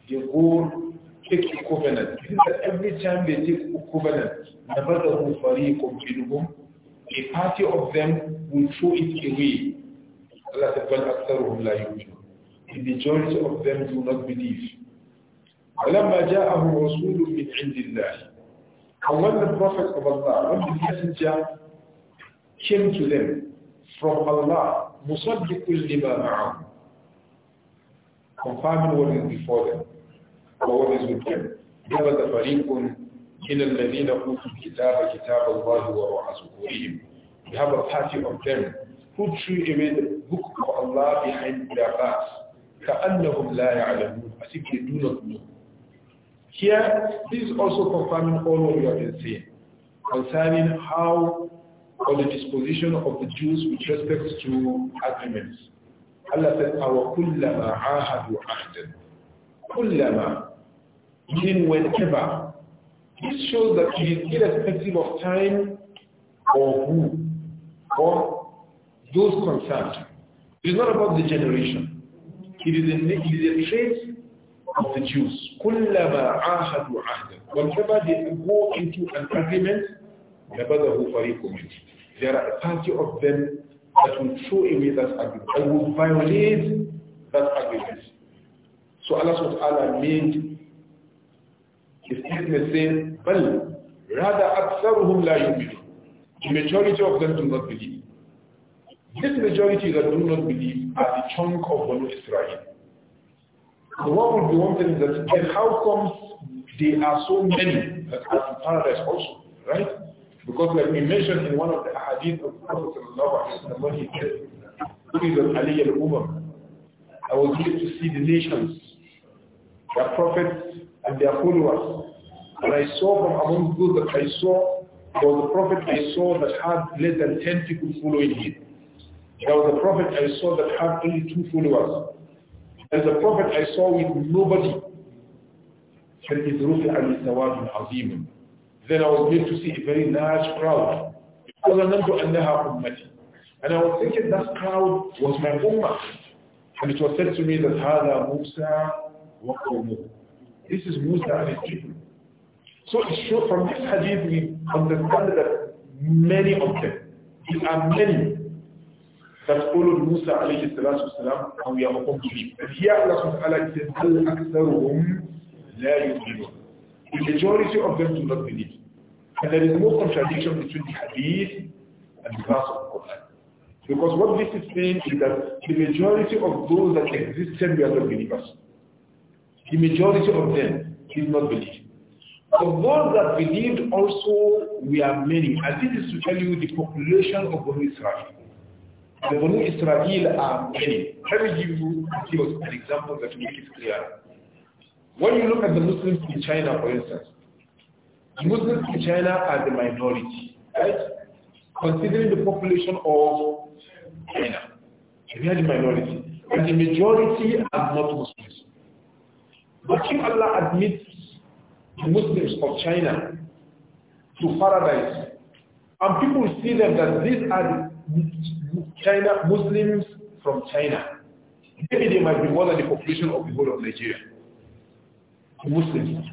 they go take a covenant. Because every time they take a covenant, نَبَذَهُ فَرِيقٌ مِنْهُمْ A party of them will throw it away. Allah said, بَلْ أَكْثَرُهُمْ لَا يُؤْمِنُونَ The majority of them do not believe. وَلَمَّا جَاءَهُمْ رَسُولٌ مِنْ عِنْدِ اللَّهِ And when the Prophet of Allah, when the messenger came to them from Allah, مُصَدِّقٌ لِمَا مَعَهُمْ Confirming what is before them. We have a party of them who threw away the book of Allah behind their backs. as if they do not know. Here, this is also confirming all what we have been saying concerning how or the disposition of the Jews with respect to agreements. Allah said, "Our kullama ahadu ahdan." Kullama meaning whenever. This shows that it is irrespective of time or who or those concerned. It is not about the generation. It is a, it is a trait of the Jews. Whenever they go into an agreement, There are a party of them that will throw away that agreement, and will violate that agreement. So Allah subhanahu wa ta'ala made his statement says, Well, rather أَكْثَرُهُمْ لَا يُؤْمِنُونَ The majority of them do not believe. This majority that do not believe are the chunk of Banu Israel. The one would be wondering that then how comes they are so many that are in paradise also, right? Because like we mentioned in one of the hadith of the Prophet when he said, Ali al-Umam, I was here to see the nations. The Prophet and their followers. And I saw from among those that I saw, there was a prophet I saw that had less than 10 people following him. There was a prophet I saw that had only two followers. was a prophet I saw with nobody. Then I was made to see a very large crowd. And I was thinking that crowd was my ummah. And it was said to me that هذا موسى وقومه this is Musa So it shows from this hadith we understand that many of them, there are many that followed Musa alayhi salatu wasalam and we are upon belief. And here Allah subhanahu says, Al aksaruhum The majority of them do not believe. And there is no contradiction between the hadith and the verse of the Quran. Because what this is saying is that the majority of those that existed were not believers. The majority of them did not believe. Of those that believed also we are many. And this is to tell you the population of Banu Israel. The Banu Israel are many. Let me give you an example that will make it clear. When you look at the Muslims in China, for instance, the Muslims in China are the minority, right? Considering the population of China, they are the minority. but the majority are not Muslims. But if Allah admits the Muslims of China to paradise, and people see them that these are China Muslims from China, maybe they might be more than the population of the whole of Nigeria. Muslims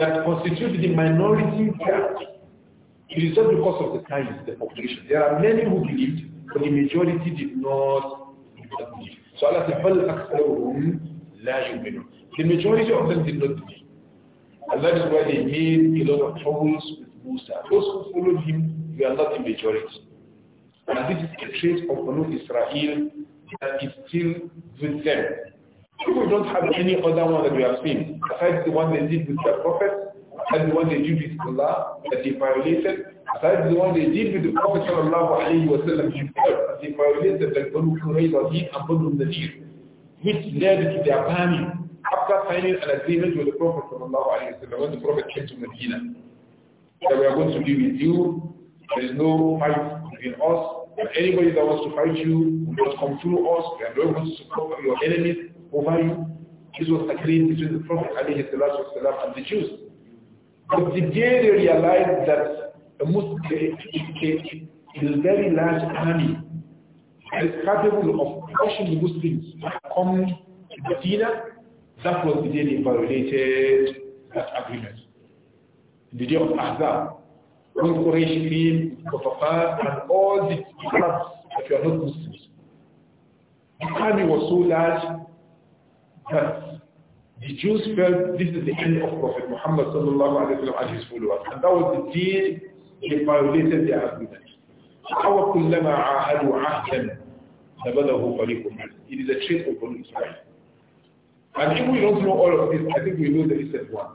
that constitute the minority caste. It is not because of the time the population. There are many who believed, but the majority did not, did not believe. So Allah said, the majority of them did not believe. And that is why they made a lot of troubles with Musa. Those who followed him were not the majority. And this is a trait of Banu Israel that is still with them. People don't have any other one that we have seen, besides the one they did with the prophet, besides the one they did with Allah that they violated, besides the one they did with the Prophet himself that they violated the Banu Qurayza and Banu Nadir, which led to their banning after signing an agreement with the Prophet وسلم, when the Prophet came to Medina, that we are going to be with you, there is no fight between us, and anybody that wants to fight you must come through us, we are not going to support your enemies over you. This was agreed between the Prophet وسلم, and the Jews. But the day they realized that a Muslim is a very large army is capable of crushing the Muslims come to Medina that was the day they violated that agreement. The day of Ahzab, when Quraysh came, Kufafar, and all the Arabs that were not Muslims. The army was so large that the Jews felt this is the end of Prophet Muhammad sallallahu alayhi wa and his followers. And that was the day they violated their agreement. أَوَكُلَّمَا عَاهَدُوا عَهْدًا نَبَذَهُ فَرِيقٌ It is a trait of Israel. And if we don't know all of this, I think we know the recent one.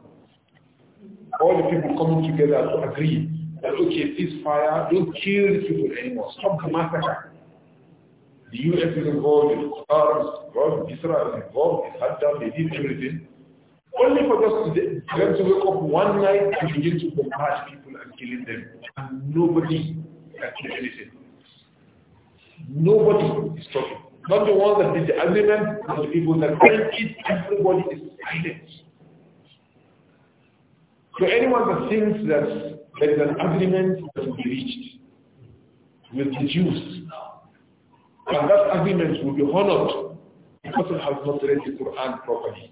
All the people coming together to agree that, okay, ceasefire, don't kill the people anymore. Stop the massacre. The U.S. is involved, the Qatar is involved, Israel is involved, they had done, they did everything. Only for just them to wake up one night and begin to bombard people and killing them. And nobody can do anything. Nobody is talking not the ones that did the agreement, but the people that it, everybody is silent. So anyone that thinks that there is an agreement that will be reached with the Jews, and that agreement will be honored, the person has not read the Quran properly.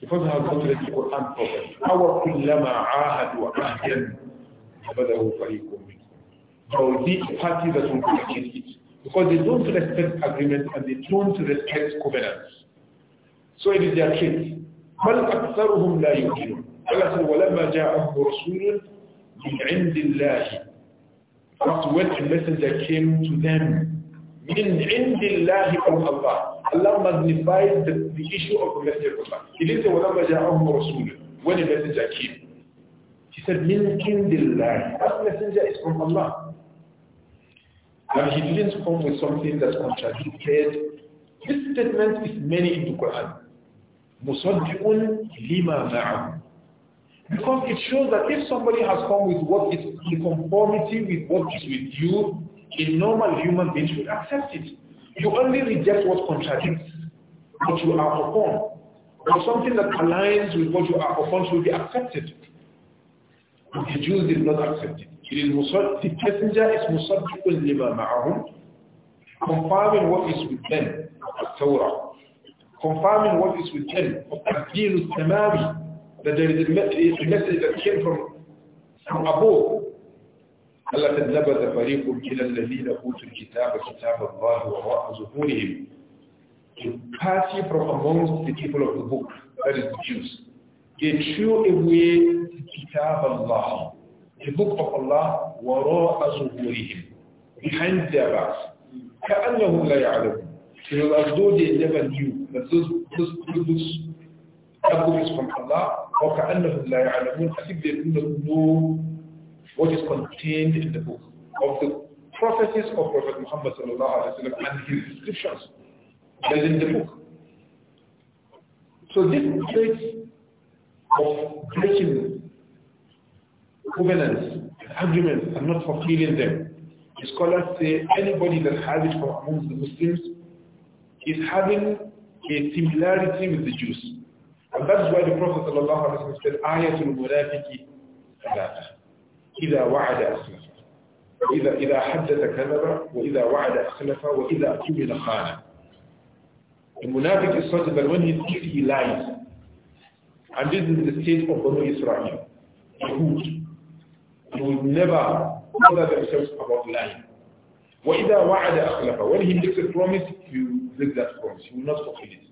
The person has not read the Quran properly. Our كلما عاهدوا There will be a party that will be against it. Because they don't respect agreements and they don't respect covenants. So it is their case. بل أكثرهم لا يؤمنون قال ولما جاءهم رسول من عند الله But when a messenger came to them من عند الله from Allah Allah magnified the, the issue of the messenger of Allah He didn't say ولما جاءهم رسول when a messenger came He said من عند الله That messenger is from Allah and he didn't come with something that contradicted. This statement is many in the Quran. Musaddiqun lima ma'ahu. Because it shows that if somebody has come with what is in conformity with what is with you, a normal human being would accept it. You only reject what contradicts what you are upon. Or something that aligns with what you are upon should be accepted. The Jews did not accept it. It is the messenger is musaddiqun confirming what is with them, Torah. Confirming what is with them, Abdin al that there is a message that came from, from above. Allah said, نَبَذَ فَرِيقٌ إِلَى الَّذِينَ أُوتُوا الْكِتَابَ كِتَابَ اللَّهِ وَرَاءَ ظُهُورِهِمْ To party from amongst the people of the book, that is the Jews, they threw away the Kitab Allah, the book of Allah وَرَاءَ ظُهُورِهِمْ behind their backs كَأَنَّهُمْ لَا يَعْلَمُونَ It was as though they never knew that those, those, those that book is from Allah or كَأَنَّهُمْ لَا يَعْلَمُونَ I think they do not know what is contained in the book of the prophecies of Prophet Muhammad sallallahu alaihi wasallam and his descriptions that is in the book. So this trait of breaking covenants and agreements are not fulfilling them. The scholars say anybody that has it from amongst the Muslims is having a similarity with the Jews. And that's why the Prophet ﷺ said, Ayatul Murafiki إذا ida ida وإذا إذا wa ida وإذا وعد wa ida أكمل خان The munafiq is such that when he speaks, he lies. And this is the state of Banu Israel, Yahud. They will never bother themselves about lying. وَإِذَا وَعَدَ أَخْلَفَ When he makes a promise, you break that promise. He will not fulfill it.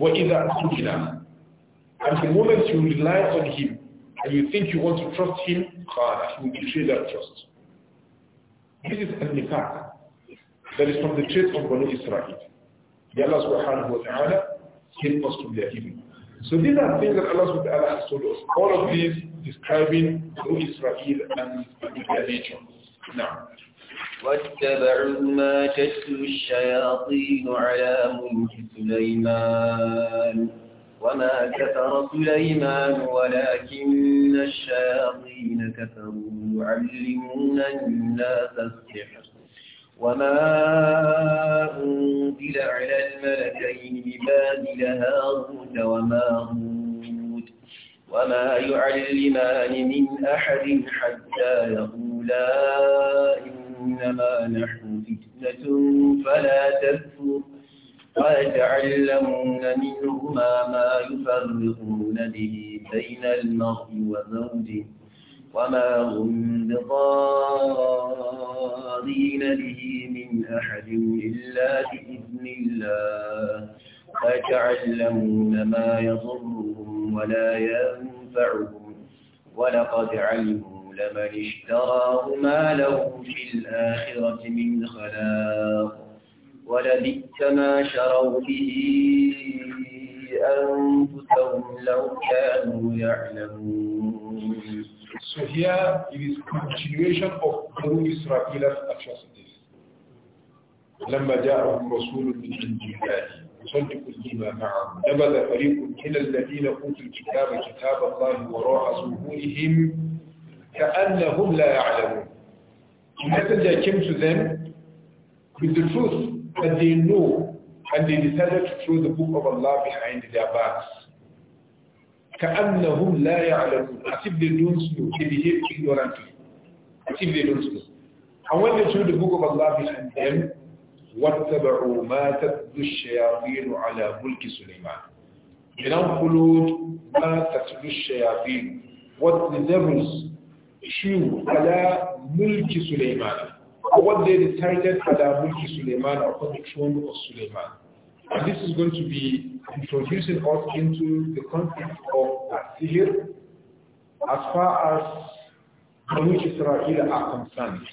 وَإِذَا أَخْلَفَ And the moment you rely on him and you think you want to trust him, خَالَ He will betray that trust. This is an nifaq. That is from the trait of Banu Israel. The Allah subhanahu wa ta'ala saved us from their evil. So these are things that Allah subhanahu wa ta'ala has told us. All of these describing who Israel and, and their nature. Now. واتبعوا ما تتلو الشياطين على ملك سليمان وما كفر سليمان ولكن الشياطين كفروا يعلمون الناس السحر وما أنزل على الملكين ببابل هاروت وماروت وما يعلمان من أحد حتى يقولا إنما نحن فتنة فلا تكفر ويتعلمون منهما ما يفرقون به بين المرء وزوجه وما هم بضارين به من أحد إلا بإذن الله فيتعلمون ما يضرهم ولا ينفعهم ولقد علموا لمن اشتراه ما له في الآخرة من خلاق ولبئت ما شروا به أنفسهم لو كانوا يعلمون So here it is continuation of Banu Israel's atrocities. لما جاءهم رسول من عند الله مصدق لما معهم نبذ فريق من الذين اوتوا الكتاب كتاب الله وراء ظهورهم كانهم لا يعلمون. The messenger came to them with the truth that they knew, and they decided to throw the book of Allah behind their backs. كأنهم لا يعلمون as if they don't know they behave ignorantly as if they don't know and when they threw the book of Allah behind them واتبعوا ما تتلو الشياطين على ملك سليمان they now followed ما تتلو الشياطين what the devils chew على ملك سليمان what they recited على ملك سليمان upon the throne of Suleiman and this is going to be introducing us into the concept of Asir as far as Banu Israel are concerned.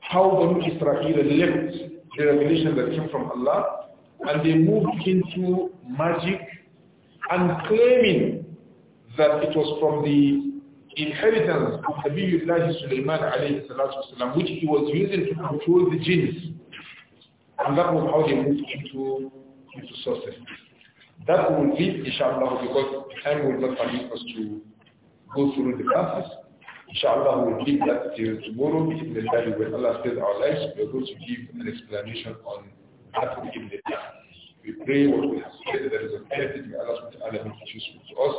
How Banu Israel left the revelation that came from Allah and they moved into magic and claiming that it was from the inheritance of the Sulaiman alayhi salatu which he was using to control the jinns. And that was how they moved into, into sources. That will leave inshallah, because time will not permit us to go through the classes. Inshallah, we'll leave that till tomorrow. In the day when Allah spares our lives, we're going to give an explanation on that we give the time. We pray what we have said, there is a benefit, may Allah subhanahu wa ta'ala to us.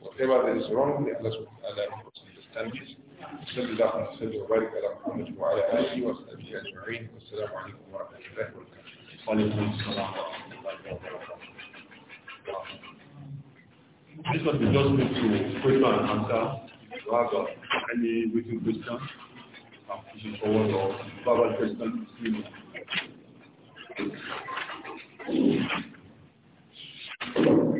Whatever that is wrong, may Allah subhanahu wa ta'ala understand this. بسم الله وصلي وبارك على محمد وعلى اله وصحبه اجمعين والسلام عليكم ورحمه الله وبركاته. وعليكم السلام ورحمه الله وبركاته. This was the to question and answer. If you have any written question, I'm pushing forward or verbal question, Thank you.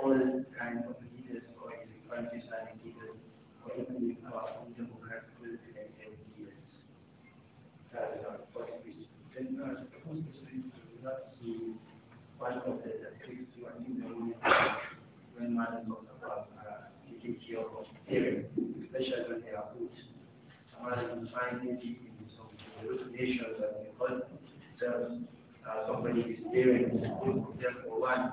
all kinds of leaders or in countryside leaders or even with our own democratic and MPs. That is our first question. Then our uh, second question is not the part of the ethics you when man talks about uh, taking care of especially when they are old. Someone is finding in some nations and the world terms uh, somebody is good for them for one.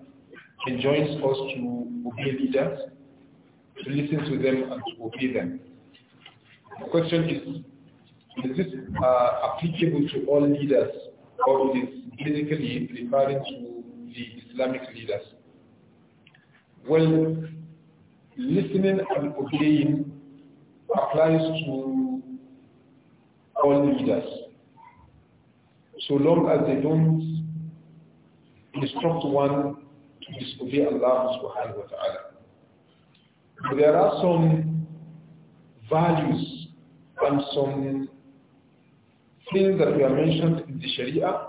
joins us to obey leaders, to listen to them and to obey them. The question is, is this uh, applicable to all leaders or is basically referring to the Islamic leaders? Well, listening and obeying applies to all leaders, so long as they don't instruct one there are some values and some things that we have mentioned in the Sharia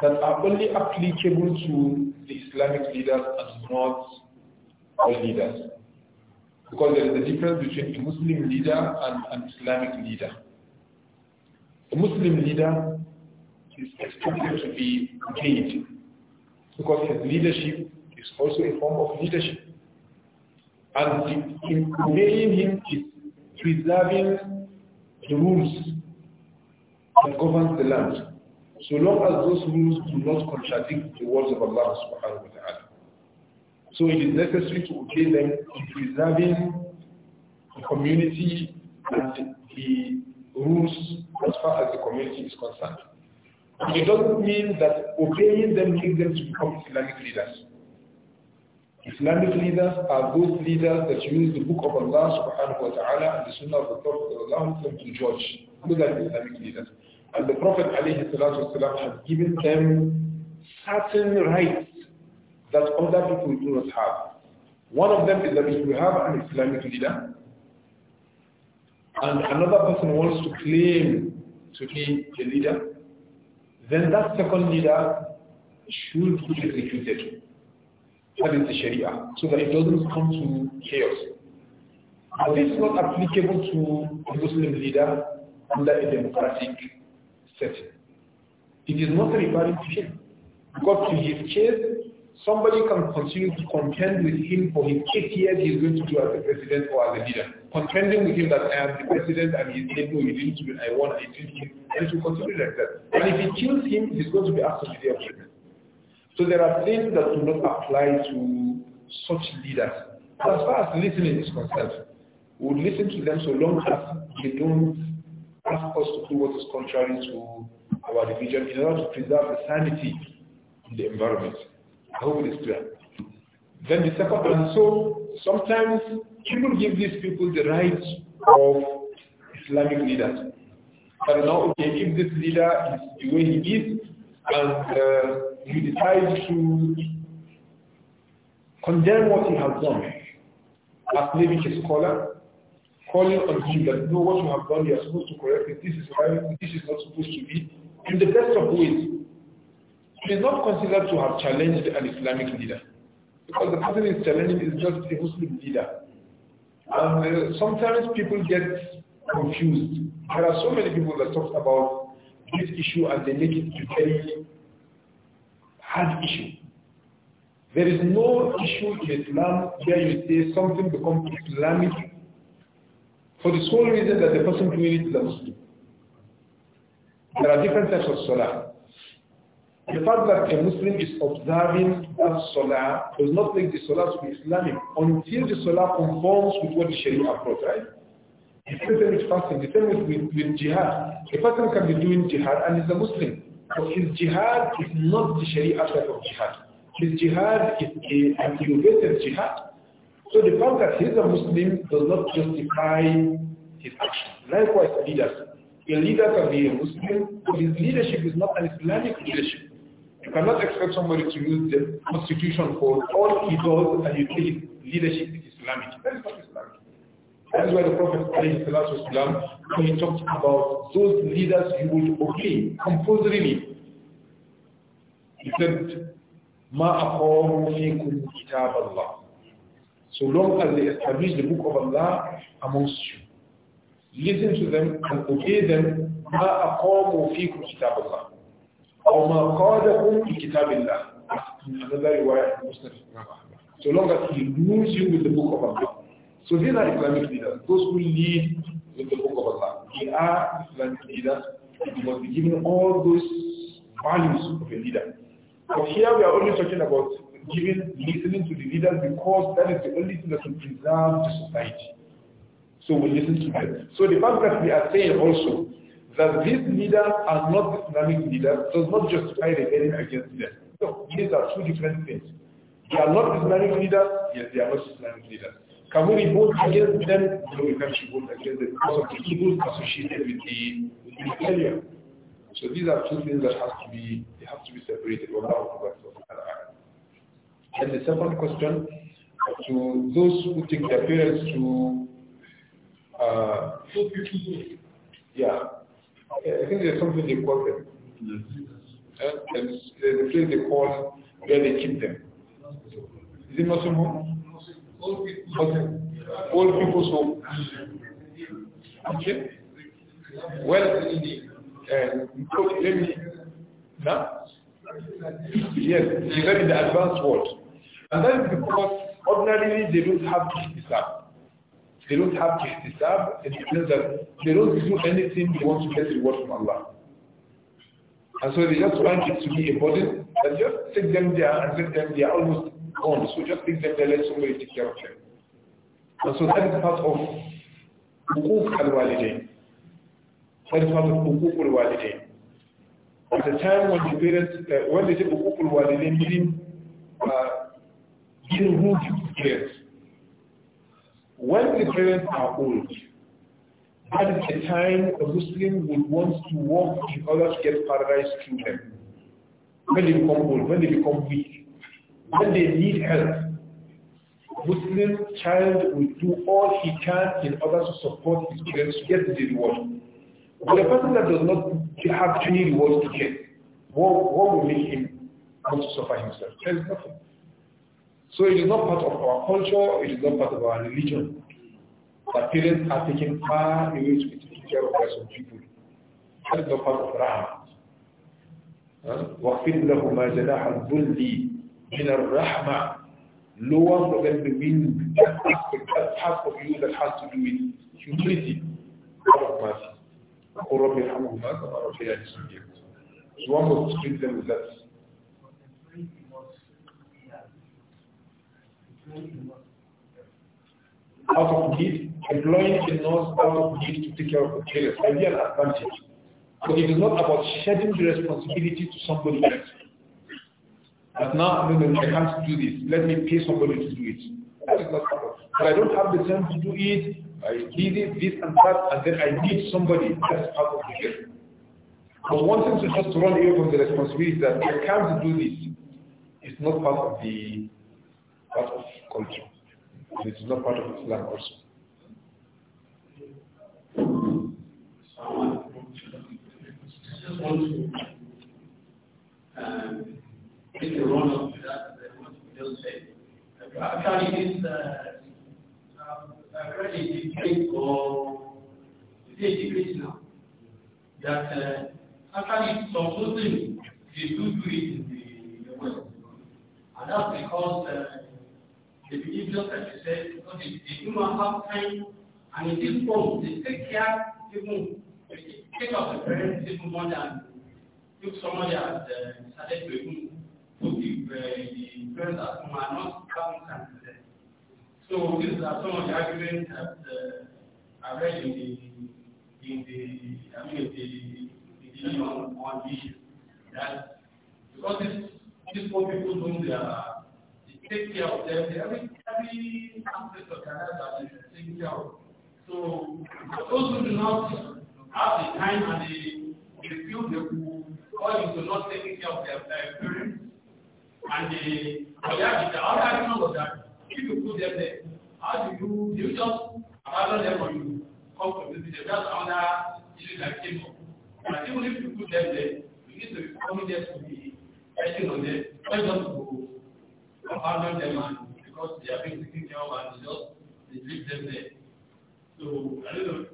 that are only applicable to the Islamic leaders and not all leaders. Because there is a difference between a Muslim leader and an Islamic leader. A Muslim leader is expected to be paid because his leadership is also a form of leadership. And in obeying him is preserving the rules that governs the land, so long as those rules do not contradict the words of Allah subhanahu wa ta'ala. So it is necessary to obey them in preserving the community and the rules as far as the community is concerned. It doesn't mean that obeying them makes them to become Islamic leaders. Islamic leaders are those leaders that use the book of Allah subhanahu wa ta'ala and the sunnah of the Prophet to judge. Those are Islamic leaders. And the Prophet والسلام, has given them certain rights that other people do not have. One of them is that if you have an Islamic leader and another person wants to claim to be a leader, then that second leader should be executed. under the Sharia, so that it doesn't come to chaos. But this is not applicable to a Muslim leader under a democratic setting. It is not referring to him. Because to his case, somebody can continue to contend with him for his eight years he's going to do as a president or as a leader. Contending with him that I am the president and he's able, he didn't do it, I won, I didn't and it will continue like that. And if he kills him, he's going to be asked to be president. So there are things that do not apply to such leaders. as far as listening is concerned, we will listen to them so long as they don't ask us to do what is contrary to our religion in order to preserve the sanity in the environment. The Holy Spirit. Then the second, and so sometimes people give these people the rights of Islamic leaders. But now, okay, if this leader is the way he is, and uh, you decide to condemn what he has done, as maybe a scholar, calling on him that know what you have done, you are supposed to correct it. This is right. This is not supposed to be. In the best of ways, he is not considered to have challenged an Islamic leader. Because the person is challenging is just a Muslim leader. And uh, sometimes people get confused. There are so many people that talk about this issue and they make it a very hard issue. There is no issue in Islam where you say something becomes Islamic for the sole reason that the person doing it is a Muslim. There are different types of salah. The fact that a Muslim is observing that Salah does not make the Salah to be Islamic until the Salah conforms with what the Sharia brought, right? The same with fasting, the same with, with, jihad. A person can be doing jihad and is a Muslim, but his jihad is not the Sharia type of jihad. His jihad is a, an innovative jihad. So the fact that he is a Muslim does not justify his action. Likewise, leaders. A leader can be a Muslim, but his leadership is not an Islamic leadership. You cannot expect somebody to use the constitution for all evils, and you think leadership is Islamic. That is not Islamic. That is why the Prophet والسلام, when he talked about those leaders you would obey compulsorily. He said, "Ma أَقَوْمُ فِيكُمْ كِتَابَ So long as they establish the book of Allah amongst you. Listen to them and obey them. Ma أَقَوْمُ فِيكُمْ or maqadakum bi kitabillah. Another riwayah in Muslim So long as he rules you with the book of Allah. So these are Islamic leaders, those who lead with the book of Allah. They are Islamic leaders. You must be given all those values of a leader. But here we are only talking about giving, listening to the leaders because that is the only thing that will preserve the society. So we listen to them. So the fact that we are saying also that these leaders are not Islamic leaders does not justify rebelling against them. No, these are two different things. They are not Islamic leaders, yes, they are not Islamic leaders. Can we both against them? No, we can't both against them because of the evils associated with the, with So these are two things that have to be they have to be separated. And the second question to those who take their parents to uh, yeah I think there's something they call them. Uh, and the place they call where they keep them. Is it Muslim home? Old people's home. Okay. Well, uh, let me. Now. Yes, even in the advanced world, and that is because ordinarily they don't have this desire. They don't have ihtisab and the sense that they don't do anything they want to get reward from Allah. And so they just find it to be a burden that just take them there and take them there almost gone. So just take them there, let somebody take care of them. And so that is part of hukuk al-walidain. That is part of hukuk al-walidain. At the time when the parents, uh, when they say hukuk al-walidain, meaning uh, being rude to parents. When the parents are old, that is the time a Muslim would want to work in order to get paradise through them. When they become old, when they become weak, when they need help, Muslim child will do all he can in order to support his parents to get the reward. But a person that does not have any reward to get, what, what will make him want to suffer himself? There is nothing. So it is not part of our culture, it is not part of our religion. That parents are taking far away to take care of some people. That is not part of Rahmah. وَقِدْ لَهُمَا جَنَاحَ الظُّلِّ مِنَ الرَّحْمَةِ Lower for them the wind, that aspect, that part of you that has to do with humility, out of mercy. So one must treat them with that out of need, employing a nurse out of need to take care of the parents might be an advantage. But it is not about shedding the responsibility to somebody else. But now, no, no, I can't do this. Let me pay somebody to do it. That is not But I don't have the time to do it. I did it, this and that, and then I need somebody. That's part of the care. But wanting to just run away from the responsibility that I can't do this is not part of the part of culture. And it is not part of Islam also. I just want to, Um, if you run up to that, then what you will say. Actually, it's a credit is paid for the now. That uh, actually some Muslims they do do it in the, in the West, and that's because uh, the religious, as you said, because they, they do not have time, and in this form, they take care even, they take care of the parents even more than if somebody has uh, decided to even put the, uh, the parents at home and not having to them. So these are some of the arguments that uh, I read in the, in the, I mean, the, the, the on, on the issue. That because these, these poor people don't, they uh, are take care of them. Every, every aspect of their life that is taken care of. So, those who do not have the time and they, they feel they will fall into not taking care of their, their uh, parents, and they, but that is the other argument was that if you put them there, how do you, do you just abandon them or you come from visit them? That's another issue that came up. But even if you put them there, you need to be coming there to be acting on them, not just to abandon them and because they are being taken care of and they just they them there. So I don't know.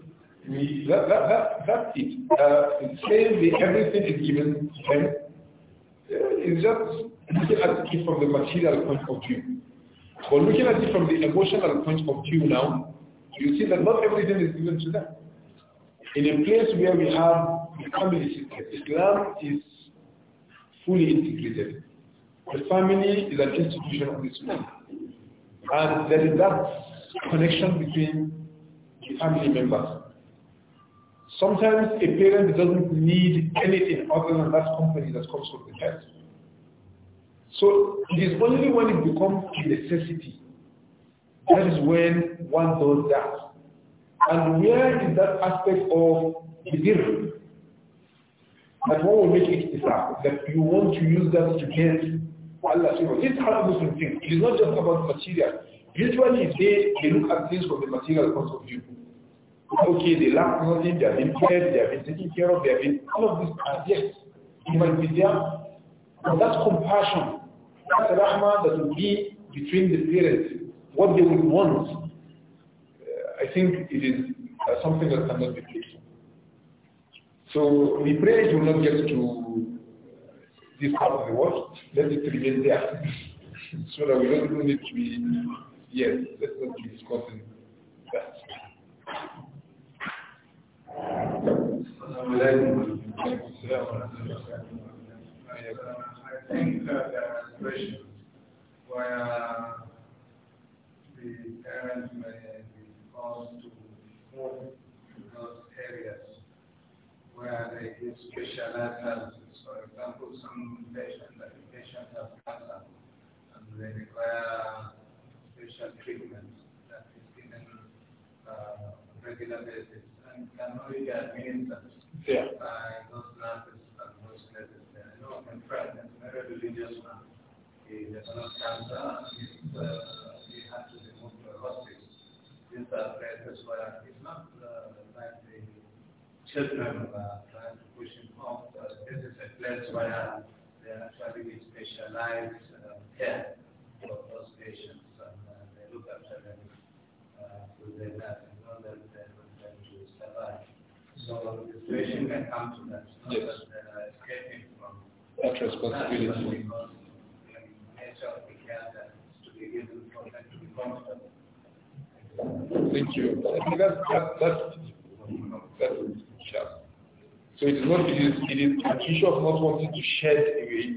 We, that, that, that, that's it. Uh, saying that everything is given to them uh, it's just looking at it from the material point of view. But looking at it from the emotional point of view now, you see that not everything is given to them. In a place where we have the family system, Islam is fully integrated. The family is an institution of Islam. And there is that connection between the family members. Sometimes a parent doesn't need anything other than that company that comes from the head. So it is only when it becomes a necessity that is when one does that. And where is that aspect of the dirr? That one will make it different, that you want to use that to get this Arab Muslim thing, it is not just about material. Usually they, they look at things from the material point of view. Okay, they lack nothing, they have been fed, they have been taken care of, they have been, all of this, and yes, it might be there. But that compassion, that rahmah that will be between the parents, what they would want, uh, I think it is uh, something that cannot be paid So the prayers will not get to this part of the world, let it remain there. so that we don't need to be, yes, let's not be discussing that. I think that there are situations where the parents may be forced to move to those areas where they give special attention for example, some patient, the patient has cancer and they require special treatment that is given on uh, a regular basis and can only be administered yeah. by those nurses and those nurses. I know my friend is a very religious man. He developed cancer and uh, he had to be moved to a hospice. These are places where it's not uh, like the children are trying to push him home this is a place where they actually specialize uh, care for those patients and uh, they look after them uh, to their death and know that them to survive. So the situation can come to that, not yes. that they are escaping from that responsibility. Because nature of the care that is to be given for them to be comfortable. Thank you. I think that's, that's, that's, that's so it is not it is it is an issue of not wanting to shed away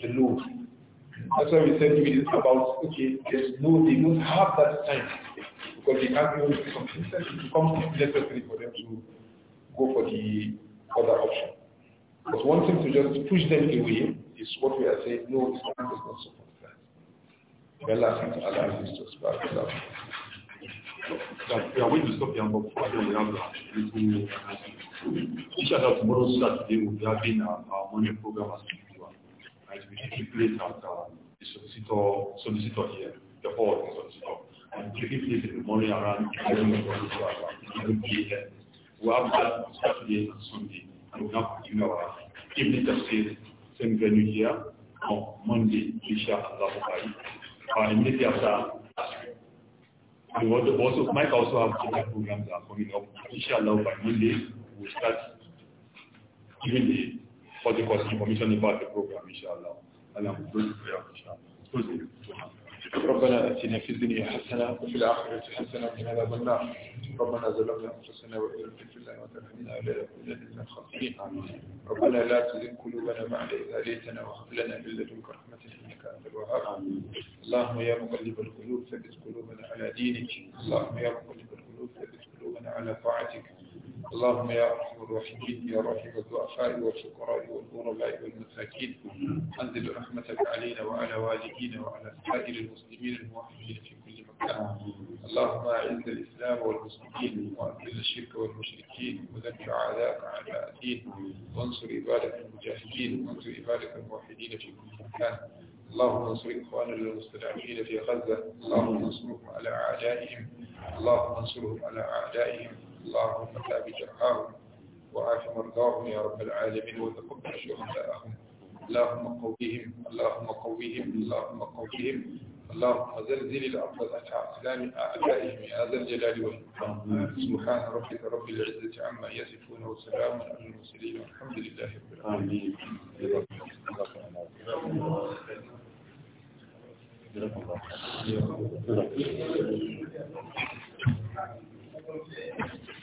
the load. That's why we said it is about okay, there's no they don't have that time because they can't do something. It becomes necessary for them to go for the other option. But wanting to just push them away is what we are saying, no, Islam does not support that. May Allah sent Allah is to us back. We are waiting to stop here, but we have a little shout out tomorrow Saturday, we'll be having our, uh, our morning program as usual. Right? We take uh, place at uh, the solicitor, solicitor here, the hall of the solicitor. And taking place in the morning around 11 o'clock 11 p.m. We'll have that Saturday and Sunday. And we'll have you know, our uh, evening testing, same venue here, on Monday, Isha and Labokai. Uh, immediately after, and also, also, Mike also have other programs are coming up. by Monday, we start even the for the cost information about the program, inshallah. And I'm good to pray, inshallah. ربنا اتنا في الدنيا حسنه وفي الاخره حسنه وقنا عذاب النار ربنا ظلمنا انفسنا وان لم تغفر لنا وترحمنا لنكونن من الخاسرين ربنا لا تزغ قلوبنا بعد اذ هديتنا وهب لنا من لدنك رحمه انك انت الوهاب اللهم يا مقلب القلوب ثبت قلوبنا على دينك اللهم يا مقلب القلوب ثبت قلوبنا على طاعتك اللهم يا ارحم الراحمين يا رحيم الضعفاء والفقراء والغرباء والمساكين انزل رحمتك علينا وعلى والدينا وعلى سائر المسلمين الموحدين في كل مكان اللهم اعز الاسلام والمسلمين واذل الشرك والمشركين ودمر اعداءك اعداء الدين وانصر عبادك المجاهدين وانصر عبادك الموحدين في كل مكان اللهم انصر إخواننا المستضعفين في غزة اللهم انصرهم على أعدائهم اللهم انصرهم على أعدائهم اللهم ثابت جرحاهم وعاف مرضاهم يا رب العالمين وتقبل شهداءهم اللهم قويهم اللهم قويهم اللهم قويهم اللهم زلزل الأرض أسلام أعدائهم يا ذا الجلال والإكرام سبحان ربك رب العزة عما يصفون وسلام على المرسلين والحمد لله رب العالمين آمين